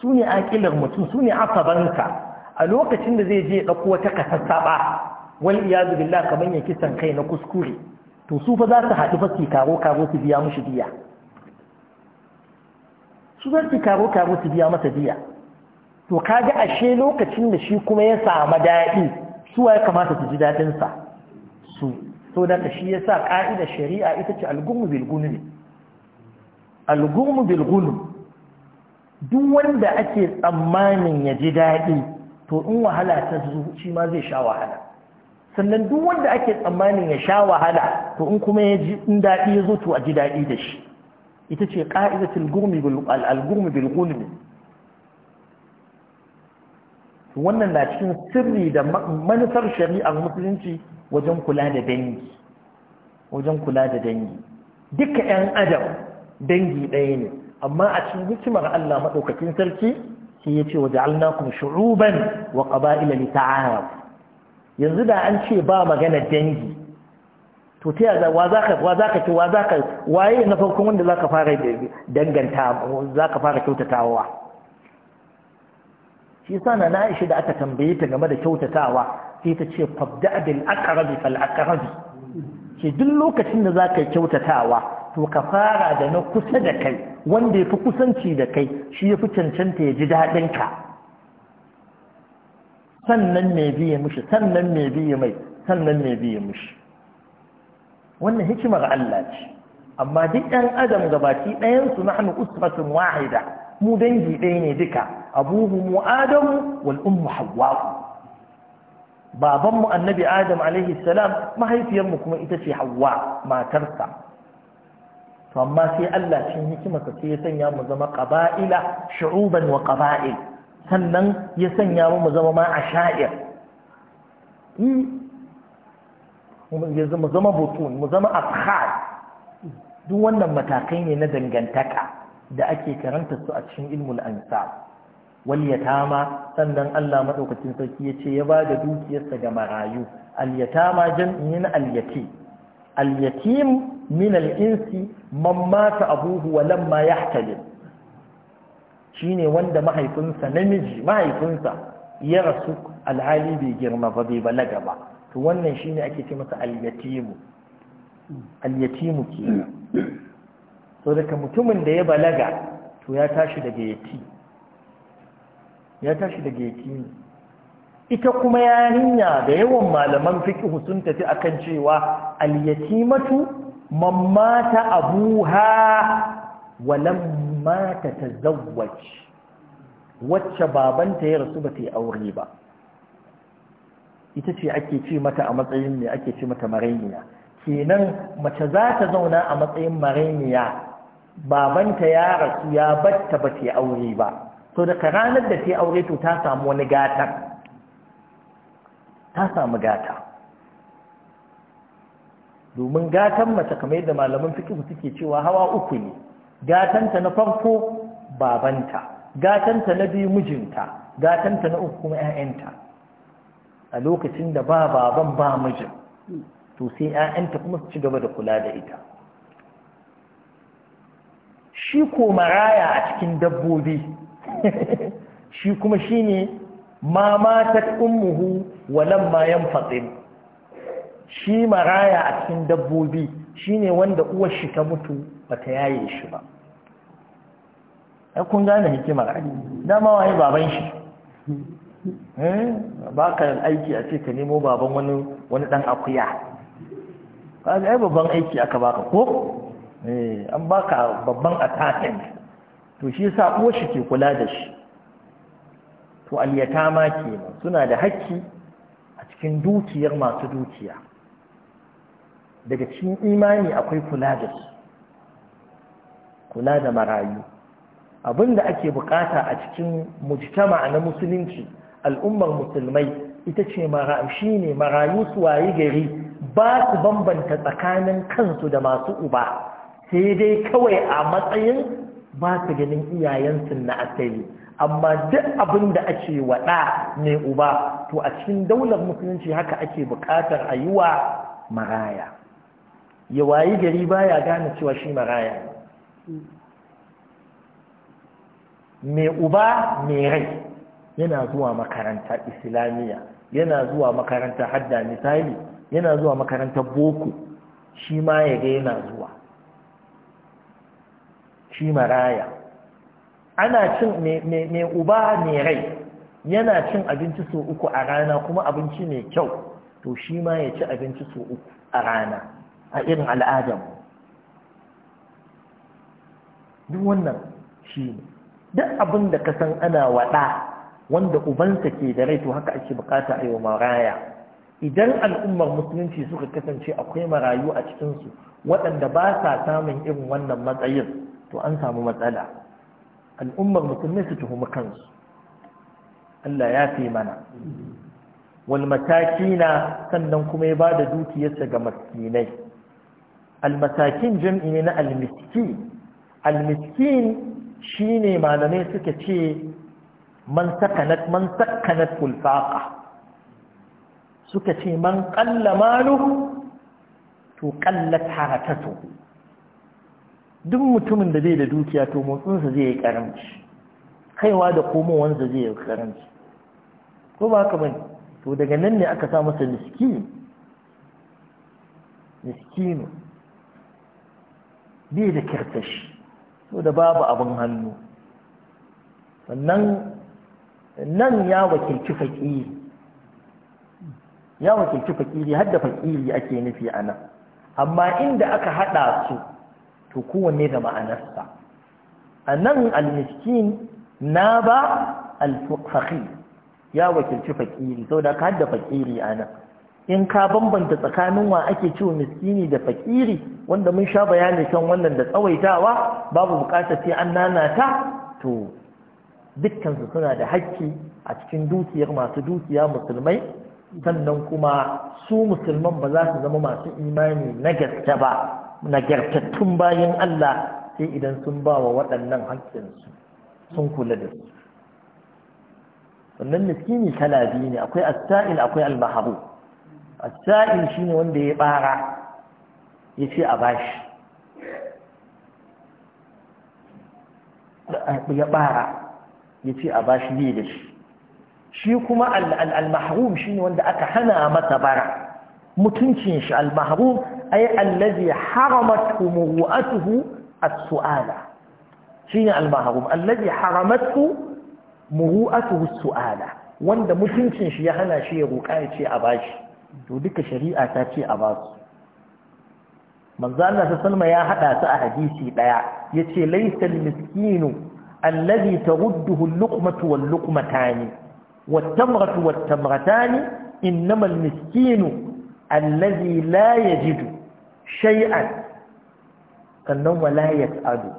su ne aƙilar mutum su ne asabanka a lokacin da zai je ɗauko wata kasassaɓa wani iya billah laka manyan kisan kai na kuskure to su fa za su haɗu fa su karo karo su biya mushi biya su za su karo karo su biya masa biya to kaga ashe lokacin da shi kuma ya samu daɗi su ya kamata su ji daɗinsa su so da ka shi ya sa ka'ida shari'a ita ce algumu bil gunmi algumu bil duk wanda ake tsammanin ya ji daɗi to in wahala ta zo shi ma zai sha wahala sannan duk wanda ake tsammanin ya sha wahala to in kuma ya ji in daɗi ya zo to a ji daɗi da shi ita ce ƙa'idatul gurmi bil al-gurmi bil wannan na cikin sirri da manufar shari'ar musulunci wajen kula da dangi wajen kula da dangi duka 'yan adam dangi ɗaya ne amma a cikin hikimar Allah madaukakin sarki sai yace ce wa ja'alnakum shu'uban wa qaba'ila li ta'arafu yanzu da an ce ba magana dangi to ta yaza wa zaka wa zaka ce wa zaka waye na farkon wanda zaka fara danganta zaka fara kyautatawa shi yasa na Aisha da aka tambaye ta game da kyautatawa sai ta ce fabda bil aqrabi fal aqrabi duk lokacin da zaka kyautatawa to ka fara da na kusa da kai wanda yafi kusanci da kai shi yafi cancanta ya ji dadin ka sannan me biye mishi sannan me biye mai sannan me biye mushi. wannan hikimar Allah ce amma duk ɗan adam gabaki ɗayansu su nahnu usratun wahida mu dangi ɗaya ne duka abuhu mu adamu wal ummu babanmu annabi adam alaihi salam mahaifiyarmu kuma ita ce hawwa matarsa to amma sai Allah cin hikimarsa sai ya sanya mu zama qaba'ila shu'uban wa qaba'il sannan ya sanya mu mu zama ma asha'ir hmm. zama zama butun mu zama afkhar duk wannan matakai ne na dangantaka da ake karanta su a cikin ilmul ansa wal yatama sannan Allah madaukakin sarki ya ce ya ba da dukiyarsa ga marayu al yatama jam'in al yatim al yatim min al insi man mata abuhu wa lamma yahtalim shine wanda mahaifinsa namiji mahaifinsa ya rasu alhali bai girma ba bai balaga ba to wannan shine ake ce masa al yatimu al yatimu kenan so daga mutumin da ya balaga to ya tashi daga yaki ya tashi daga yaki ne ita kuma yarinya da yawan malaman fiqh sun tafi akan cewa al-yatimatu man mata abuha walam mata tazawwaj wacce babanta ya rasu ba ta yi aure ba ita ce ake ce mata a matsayin ne ake ce mata marainiya kenan mace za ta zauna a matsayin marainiya babanta ya rasu ya batta ba ta aure ba to daga ranar da ta aure to ta samu wani gata ta samu gata domin gatan mace kamar yadda malaman fikihu suke cewa hawa uku ne gatanta na farko babanta gatanta na biyu mijinta gatanta na uku kuma 'ya'yanta a lokacin da ba baban ba mijin to sai 'ya'yanta kuma su ci gaba da kula da ita shi ko maraya a cikin dabbobi [LAUGHS] shi kuma shi ne ma matar ummuhu walan ma fatsin shi maraya a cikin dabbobi shi ne wanda uwar shi ta mutu ta yaye shi ba Ya kun gane hikimar ai dama waye baban shi [LAUGHS] eh, ba ka aiki a ce ka nemo baban wani dan akuya ga yi babban aiki aka baka ko Eh, an baka babban attachment to shi yasa uwar shi ke kula da shi to ma kenan suna da hakki a cikin dukiyar masu dukiya daga cikin imani akwai kula da su kula da marayu abinda ake bukata a cikin mujtama na musulunci al'ummar musulmai ita ce marayu shine marayu su waye gari ba su bambanta tsakanin kansu da masu uba sai dai kawai a matsayin ba su ganin iyayensu na asali amma duk abin da ake waɗa ne uba to a cikin daular musulunci haka ake buƙatar a yi wa maraya ya wayi gari baya gane cewa shi maraya mai uba mai rai yana zuwa makaranta islamiyya yana zuwa makaranta hadda misali yana zuwa makarantar boko shi ma ya ga yana zuwa shi maraya ana cin mai uba mai rai yana cin abinci sau uku a rana kuma abinci mai kyau to shi ma ya ci abinci sau uku a rana a irin al'adam duk wannan shi ne duk abin da ka san ana waɗa wanda ubansa ke da rai to haka ake bukata a yau maraya idan al'ummar musulunci suka kasance akwai marayu a cikinsu waɗanda ba sa samun irin wannan matsayin to an samu matsala al'ummar musulmi su tuhumi kansu Allah ya fi mana wal matakina sannan kuma ya bada dukiyarsa ga maskinai Almatakin jam'i ne na al miskin shi ne shine malamai suka ce man sakanat man sakanat suka ce man kalla malu, to qallat harakatuhu duk mutumin da zai da dukiya to motsinsa zai yi karamci kaiwa da komowansa zai yi karamci ko ba haka bane to daga nan ne aka sa masa miskini miskino bai da kirtashi so da babu abin hannu sannan nan ya wakilci fakiri ya wakilci fakiri har da fakiri ake nufi a nan amma inda aka haɗa su to kowanne da ma'anarsa a nan almiskin na ba alfaƙi ya wakilci faƙiri sau da ka da fakiri a nan in ka bambanta tsakanin wa ake cewa miskini da faƙiri wanda mun sha bayani kan wannan da tsawaitawa babu buƙatar sai an nanata to dukkansu suna da hakki a cikin dukiyar masu dukiya musulmai sannan kuma su musulman ba za su zama masu imani na gaske ba nagartattun bayan Allah sai idan sun ba wa waɗannan haƙƙinsu sun kula da su sannan miskini kala biyu ne akwai as akwai al-mahabu as-sa'il wanda ya bara yace a bashi ya bara yace a bashi ne da shi shi kuma al shi shine wanda aka hana masa bara mutuncin shi al ai allazi haramathu muru'atuhu as-su'ala shine al-mahrum allazi haramathu muru'atuhu as-su'ala wanda mutuncin shi ya hana shi ya roƙa ya ce a bashi to duka shari'a ta ce a basu manzo Allah ta salma ya hada su a hadisi daya yace laysal miskinu allazi tarudduhu al-luqmatu wal-luqmatani wat-tamratu wat-tamratani innamal miskinu allazi la yajidu shay'an sannan wala ado,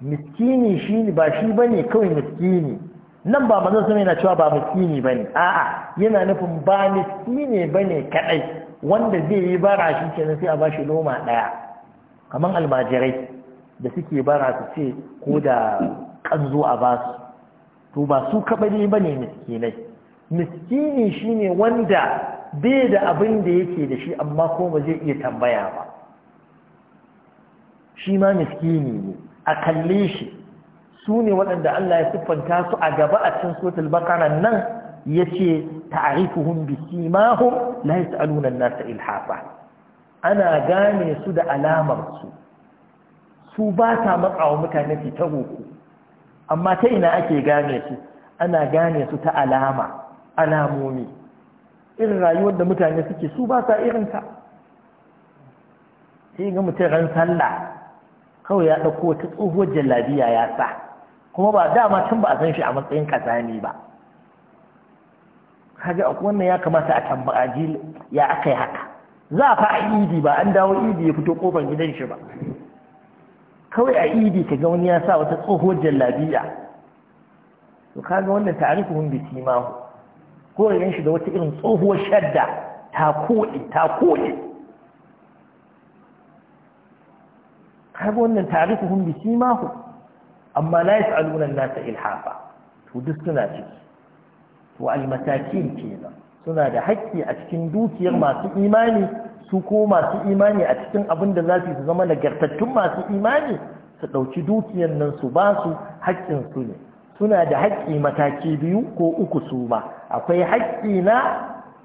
miskini shi ba shi bane kawai miskini nan ba manzon sami yana cewa ba miskini ba ne a'a yana nufin ba miskini bane kadai wanda zai yi bara shi ke sai a bashi loma daya kamar almajirai da suke bara su ce ko da kanzo a basu to ba su ba ne miskinai miskini shi ne wanda bai da abin da yake da shi amma ko ba zai iya tambaya ba shi ma miskini ne a kalle shi su ne waɗanda Allah ya siffanta su a gaba a cikin sotul bakaran nan ya ce ta'arifuhun biki mahun la ya sa'alunan nasa ilhafa ana gane su da alamar su ba ta matsawa mutane su ta roƙo amma ta ina ake gane su ana gane su ta alama alamomi irin rayuwar da mutane suke su ba sa ta sai ga mutum ran sallah kawai ya ɗauko wata tsohuwar jallabiya ya sa kuma ba dama tun ba a san shi a matsayin ne ba kaga a wannan ya kamata a tambaya ji ya aka yi haka za a fa a idi ba an dawo idi ya fito kofar gidan shi ba kawai a idi ka ga wani ya sa wata tsohuwar jallabiya to kaga wannan ta'arifuhum bi ma. ko ya shi da wata irin tsohuwar shadda ta koɗe ta koɗe kaga wannan tarihuhum bi simahu amma la yas'aluna an-nasa ilhafa to duk suna ciki to al ke kenan suna da haƙƙi a cikin dukiyar masu imani su ko masu imani a cikin abin da za su zama nagartattun masu imani su ɗauki dukiyar nan su ba su haƙƙinsu ne suna da haƙƙi mataki biyu ko uku su ma akwai haƙƙi na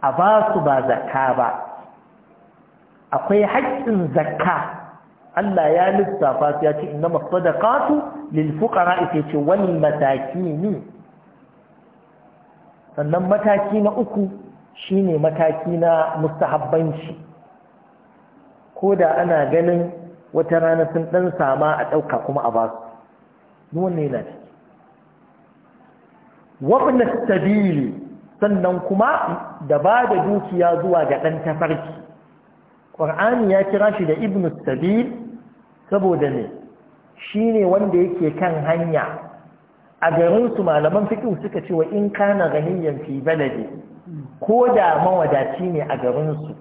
a ba su ba zakka ba akwai haƙƙin zakka Allah ya lissafa su ya ce inna masadaqatu lil fuqara ita ce wal ne? sannan mataki na uku shine mataki na mustahabbanci ko da ana ganin wata rana sun dan sama a ɗauka kuma a ba su wannan yana wabna sabili sannan kuma da ba da dukiya zuwa ga ɗan tafarki ƙwar'ani ya kira shi da ibn sabil saboda ne shi ne wanda yake kan hanya a garinsu malaman fiƙin suka ce wa in kana ganiyyan fi balade ko da mawadaci ne a garinsu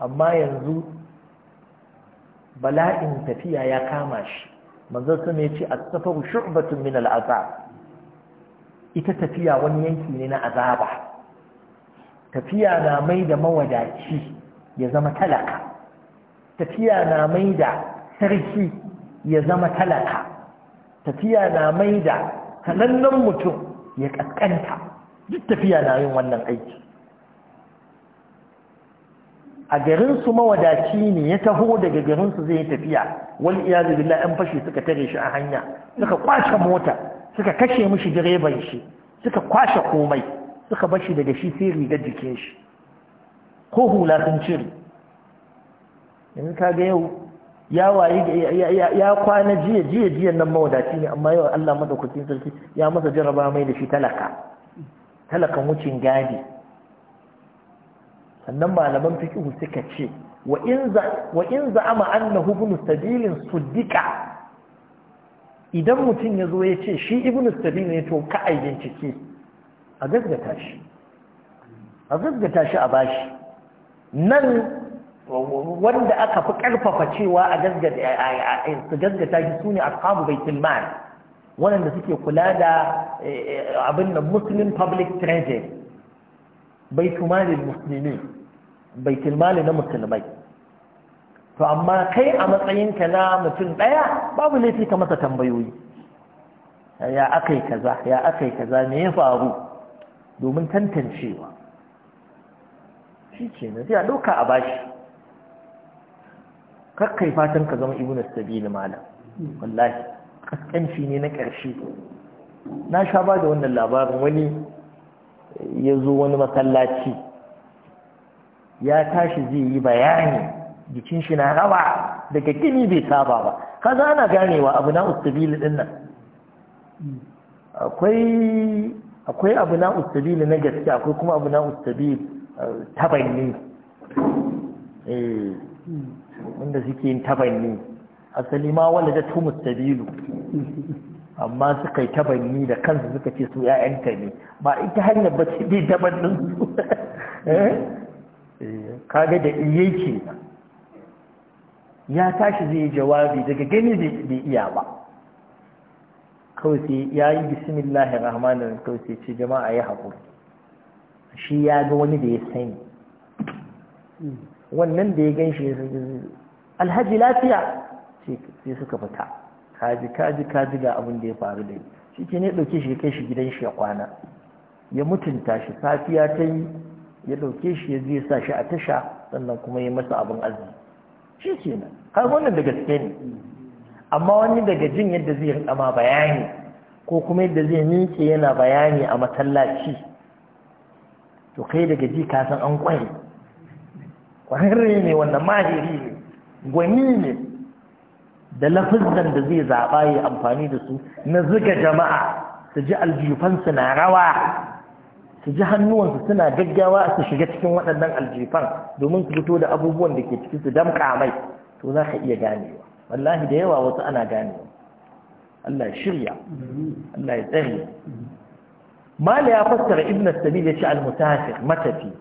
amma yanzu bala'in tafiya ya kama shi manzansu ne ce a safaru shu'batun min al'azab ita tafiya wani yanki ne na azaba tafiya na mai da mawadaci ya zama talaka tafiya na mai da sarki ya zama talaka tafiya na mai da sanannen mutum ya kaskanta duk tafiya na yin wannan aiki a garinsu mawadaci ne ya taho daga garinsu zai tafiya wal iyazu billah an fashe suka tare shi a hanya suka kwace mota suka kashe mishi direban shi suka kwashe komai suka bashi daga shi sai rigar jikin shi ko hula sun cire yanzu ga yau ya wayi ya kwana jiya jiya jiya nan mawadaci ne amma yau Allah madaukakin sarki ya masa jaraba mai da shi talaka talakan wucin gadi sannan malaman fiqh suka ce wa in za wa in za'ama annahu ibn sabilin suddika idan mutum ya zo ya ce shi ibn sabi ne to ka a bincike a gaggata shi a gaggata shi a bashi nan wanda aka fi karfafa cewa a gaggata shi su ne a kamu baitul mal waɗanda suke kula da eh, eh, abin da muslim public treasury baitul malin musulmi baitul malin na musulmai to amma kai a matsayinka na mutum ɗaya babu laifi ka masa tambayoyi ya aka yi kaza ya aka yi kaza me ya faru domin tantancewa shi ce na sai ɗauka a bashi kakkai fatan ka zama ibnu sabili malam wallahi kaskanci ne na ƙarshe na sha ba da wannan labarin wani ya zo wani masallaci ya tashi zai yi bayani jikin shi na rawa daga gini bai saba ba kaza ana ganewa abu na ustabili din nan akwai akwai abu na ustabili na gaske akwai kuma abu na ustabili eh, tabanni eh wanda suke yin tabanni asali ma wanda da tu mustabilu amma suka yi tabanni da kansu suka ce su ‘ya'yanta ne ba ita hanyar ba ce bi dabannin su [LAUGHS] eh, kaga da iya ke ya tashi zai yi jawabi daga gani bai iya ba kawai ya yi bismillahir rahmanir kawai sai ce jama'a ya haƙuri shi ya ga wani da ya sani wannan da ya gan shi alhaji lafiya sai suka fita kaji kaji kaji ga abin da ya faru da shi ke ne ɗauke shi kai shi gidan shi ya kwana ya mutunta shi safiya ta yi ya ɗauke shi ya zai sa shi a tasha sannan kuma ya masa abin arziki shi ke nan har wannan da gaske ne amma wani daga jin yadda zai rika ma bayani ko kuma yadda zai miƙe yana bayani a masallaci to kai daga ji ka san an kware kwararre ne wannan mahiri ne gwani ne da lafizan da zai zaɓa yi amfani da su na zuga jama'a su ji aljufansu na rawa su ji hannuwansu suna gaggawa su shiga cikin waɗannan aljifan domin su fito da abubuwan da ke ciki su damƙa mai to za ka iya ganewa wallahi da yawa wasu ana ganewa Allah shirya Allah ya tsare mala ya fassara ibn sabil yace al-musafir matafi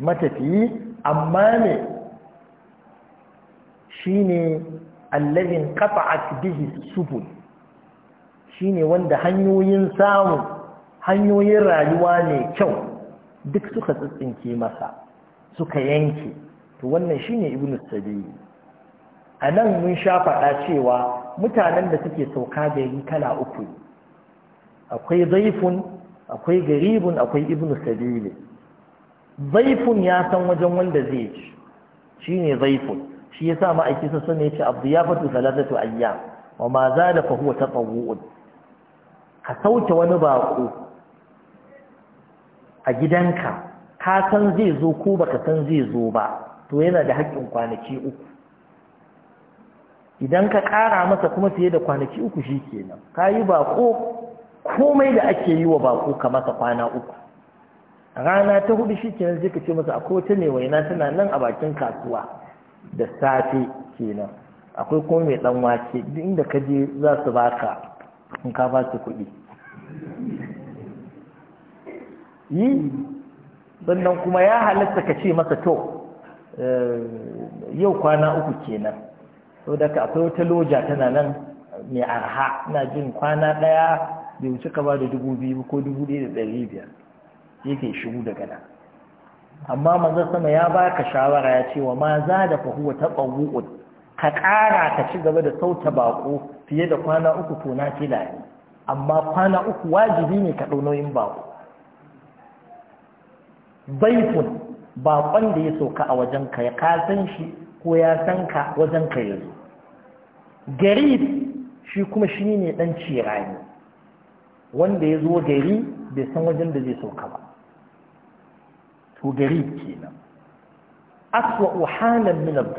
matafi amma ne shine alladhi qata'at bihi subul shine wanda hanyoyin samu hanyoyin rayuwa ne kyau duk suka tsintsinke masa suka yanke to wannan shine ibnu sabili a mun sha faɗa cewa mutanen da suke sauka gari kala uku akwai zaifun akwai garibun akwai ibnu sabili zaifun ya san wajen wanda zai ci shine zaifun shi yasa ma'aiki sa sun yace abdiyafatu salatatu ayyam wa ma zada fa huwa tatawwu'un ka sauke wani baƙo. a gidanka ka san zai zo ko baka san zai zo ba to yana da haƙƙin kwanaki uku idan ka ƙara masa kuma fiye da kwanaki uku shi kenan ka yi baƙo komai da ake yi wa baƙo ka masa kwana uku rana ta hudu shi kenan zai ka ce masa akwai wata ne waina tana nan a bakin kasuwa da safe kenan akwai kuma mai ɗan wake duk inda ka je za su baka in ka ba su kuɗi yi sannan kuma ya halatta ka ce masa to eh, yau kwana uku kenan sau da ka akwai wata loja tana nan mai arha na jin kwana ɗaya da wuce ka ba da dubu biyu ko dubu ɗaya da ɗari biyar yake shigo daga nan amma maza sama ya baka shawara ya ce wa ma za da fahuwa ta ɓangu'ud ka ƙara ka ci gaba da sauta baƙo fiye da kwana uku to na ce da amma kwana uku wajibi ne ka ɗau nauyin baƙo baifun baƙon da ya soka a wajenka ya kasan shi ko ya san ka wajenka ya zo gari shi kuma shi ne ɗan cirani wanda ya zo gari bai san wajen da zai sauka ba to ke kenan aswa uhanan min al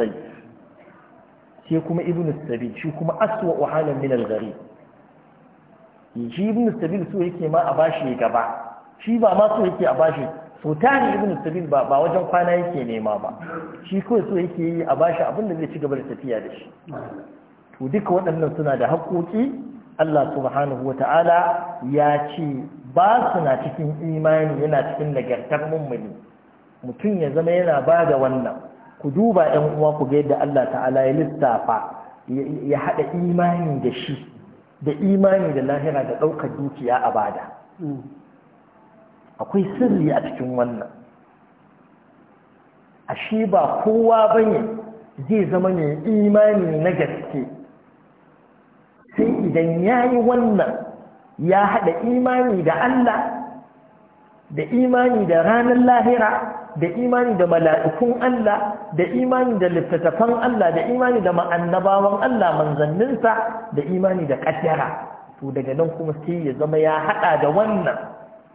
sai kuma ibn sabil shi kuma aswa uhanan min al-gharib shi ibn sabil so yake ma a bashi gaba shi ba ma so yake a bashi sultani ibn sabil ba ba wajen kwana yake nema ba shi kawai so yake yi a bashi abin da zai ci gaba da tafiya da shi to duka waɗannan suna da haƙoƙi Allah subhanahu wata'ala ya ce ba na cikin imani yana cikin nagartar mummuni mutum ya zama yana ba da wannan ku duba ɗan uwa ku ga yadda Allah ta'ala ya lissafa ya haɗa imani da shi da imani da lahira da ɗaukar dukiya a bada akwai sirri a cikin wannan ashe ba kowa bane zai zama mai imani na gaske sai idan ya yi wannan ya haɗa imani da Allah da imani da ranar lahira da imani da mala'ikun Allah da imani da littattafan Allah da imani da ma'annabawan Allah manzanninsa da imani da ƙasira to daga nan kuma sai ya zama ya haɗa da wannan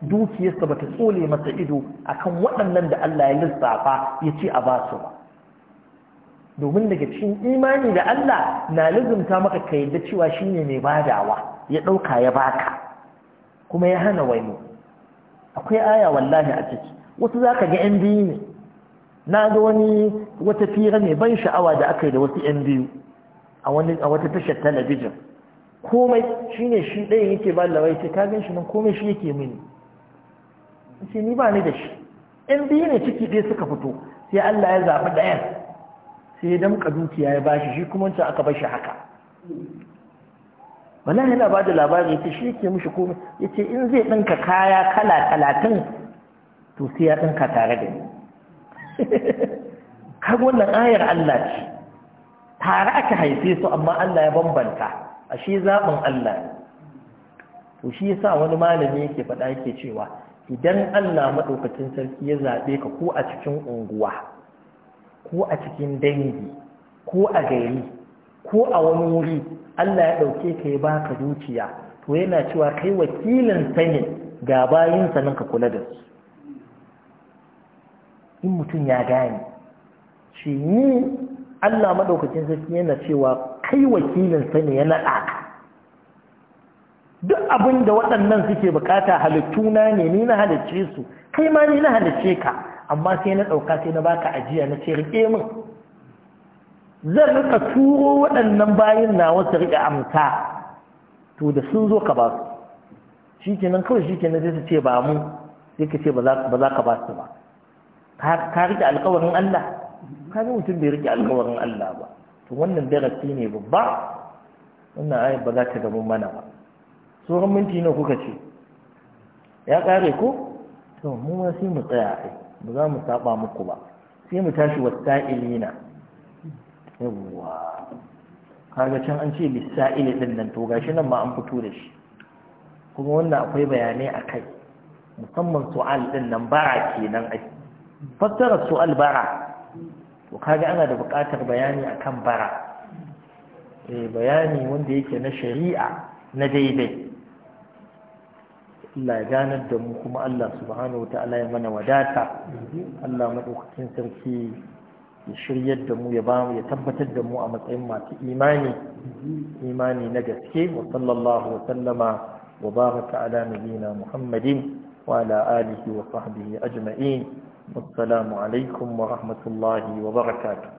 dukiyarsa ba ta tsole masa ido akan waɗannan da Allah ya lissafa ya ce a ba su ba domin daga cikin imani da Allah na lizumta maka ka yadda cewa shi ne mai badawa ya ɗauka ya baka kuma ya hana waino akwai aya wallahi a ciki wasu za ka ga yan biyu ne na ga wani wata fira mai ban sha'awa da aka yi da wasu yan biyu a wata tashar talabijin komai shine shi ɗaya yake ba lawai ce ka shi nan komai shi yake mini ce ni ba ni da shi in biyu ne ciki ɗaya suka fito sai Allah ya zaɓi ɗayan sai ya damƙa dukiya ya bashi shi kuma wancan aka bashi haka wallahi yana ba da labari yace shi yake mishi komai yace in zai ɗinka kaya kala talatin to sai ya ɗinka tare da ni [LAUGHS] kan wannan ayar Allah ce tare aka haife su amma Allah ya bambanta ashe zaɓin Allah to shi yasa wani malami yake faɗa yake cewa idan Allah maɗaukacin sarki ya zaɓe ka ko a cikin unguwa ko a cikin dangi ko a gari ko a wani wuri Allah ya ɗauke ka ya ka zuciya, to yana cewa kai wakilin sani ga bayan sanin ka kula da su in mutum ya gane shi ni Allah maɗaukacin sarki yana cewa kai wakilin sani ya naɗa duk abin da waɗannan suke bukata halittu na ne ni na halicce su kai ma ni na halicce ka amma sai na ɗauka sai na baka ajiya na ce rike min zan rika turo waɗannan bayin na wasu rike amsa to da sun zo ka ba su shi nan kawai shi ke nan su ce ba mu sai ka ce ba za ka ba su ba ka rike alkawarin Allah ka ga mutum bai rike alkawarin Allah ba to wannan darasi ne babba wannan ayat ba za ta gamu mana ba sauran minti na kuka ce ya ƙare ko to mu ma sai mu tsaya ai ba za mu saba muku ba sai mu tashi wasa'ilina yawwa kaga can an ce Sa'il din nan to gashi nan ma an fito da shi kuma wannan akwai bayanai a kai musamman su'al din nan bara kenan ai fassara su'al bara to kaga ana da buƙatar bayani akan bara eh bayani wanda yake na shari'a na daidai Allah ya ganar da mu kuma Allah subhanahu wata'ala ya mana wadata Allah maɗaukakin sarki ya shiryar da mu ya ba mu ya tabbatar da mu a matsayin masu imani imani na gaske wa sallallahu wa sallama wa baraka ala nabiyina Muhammadin wa ala alihi wa sahbihi ajma'in assalamu alaikum wa rahmatullahi wa barakatuh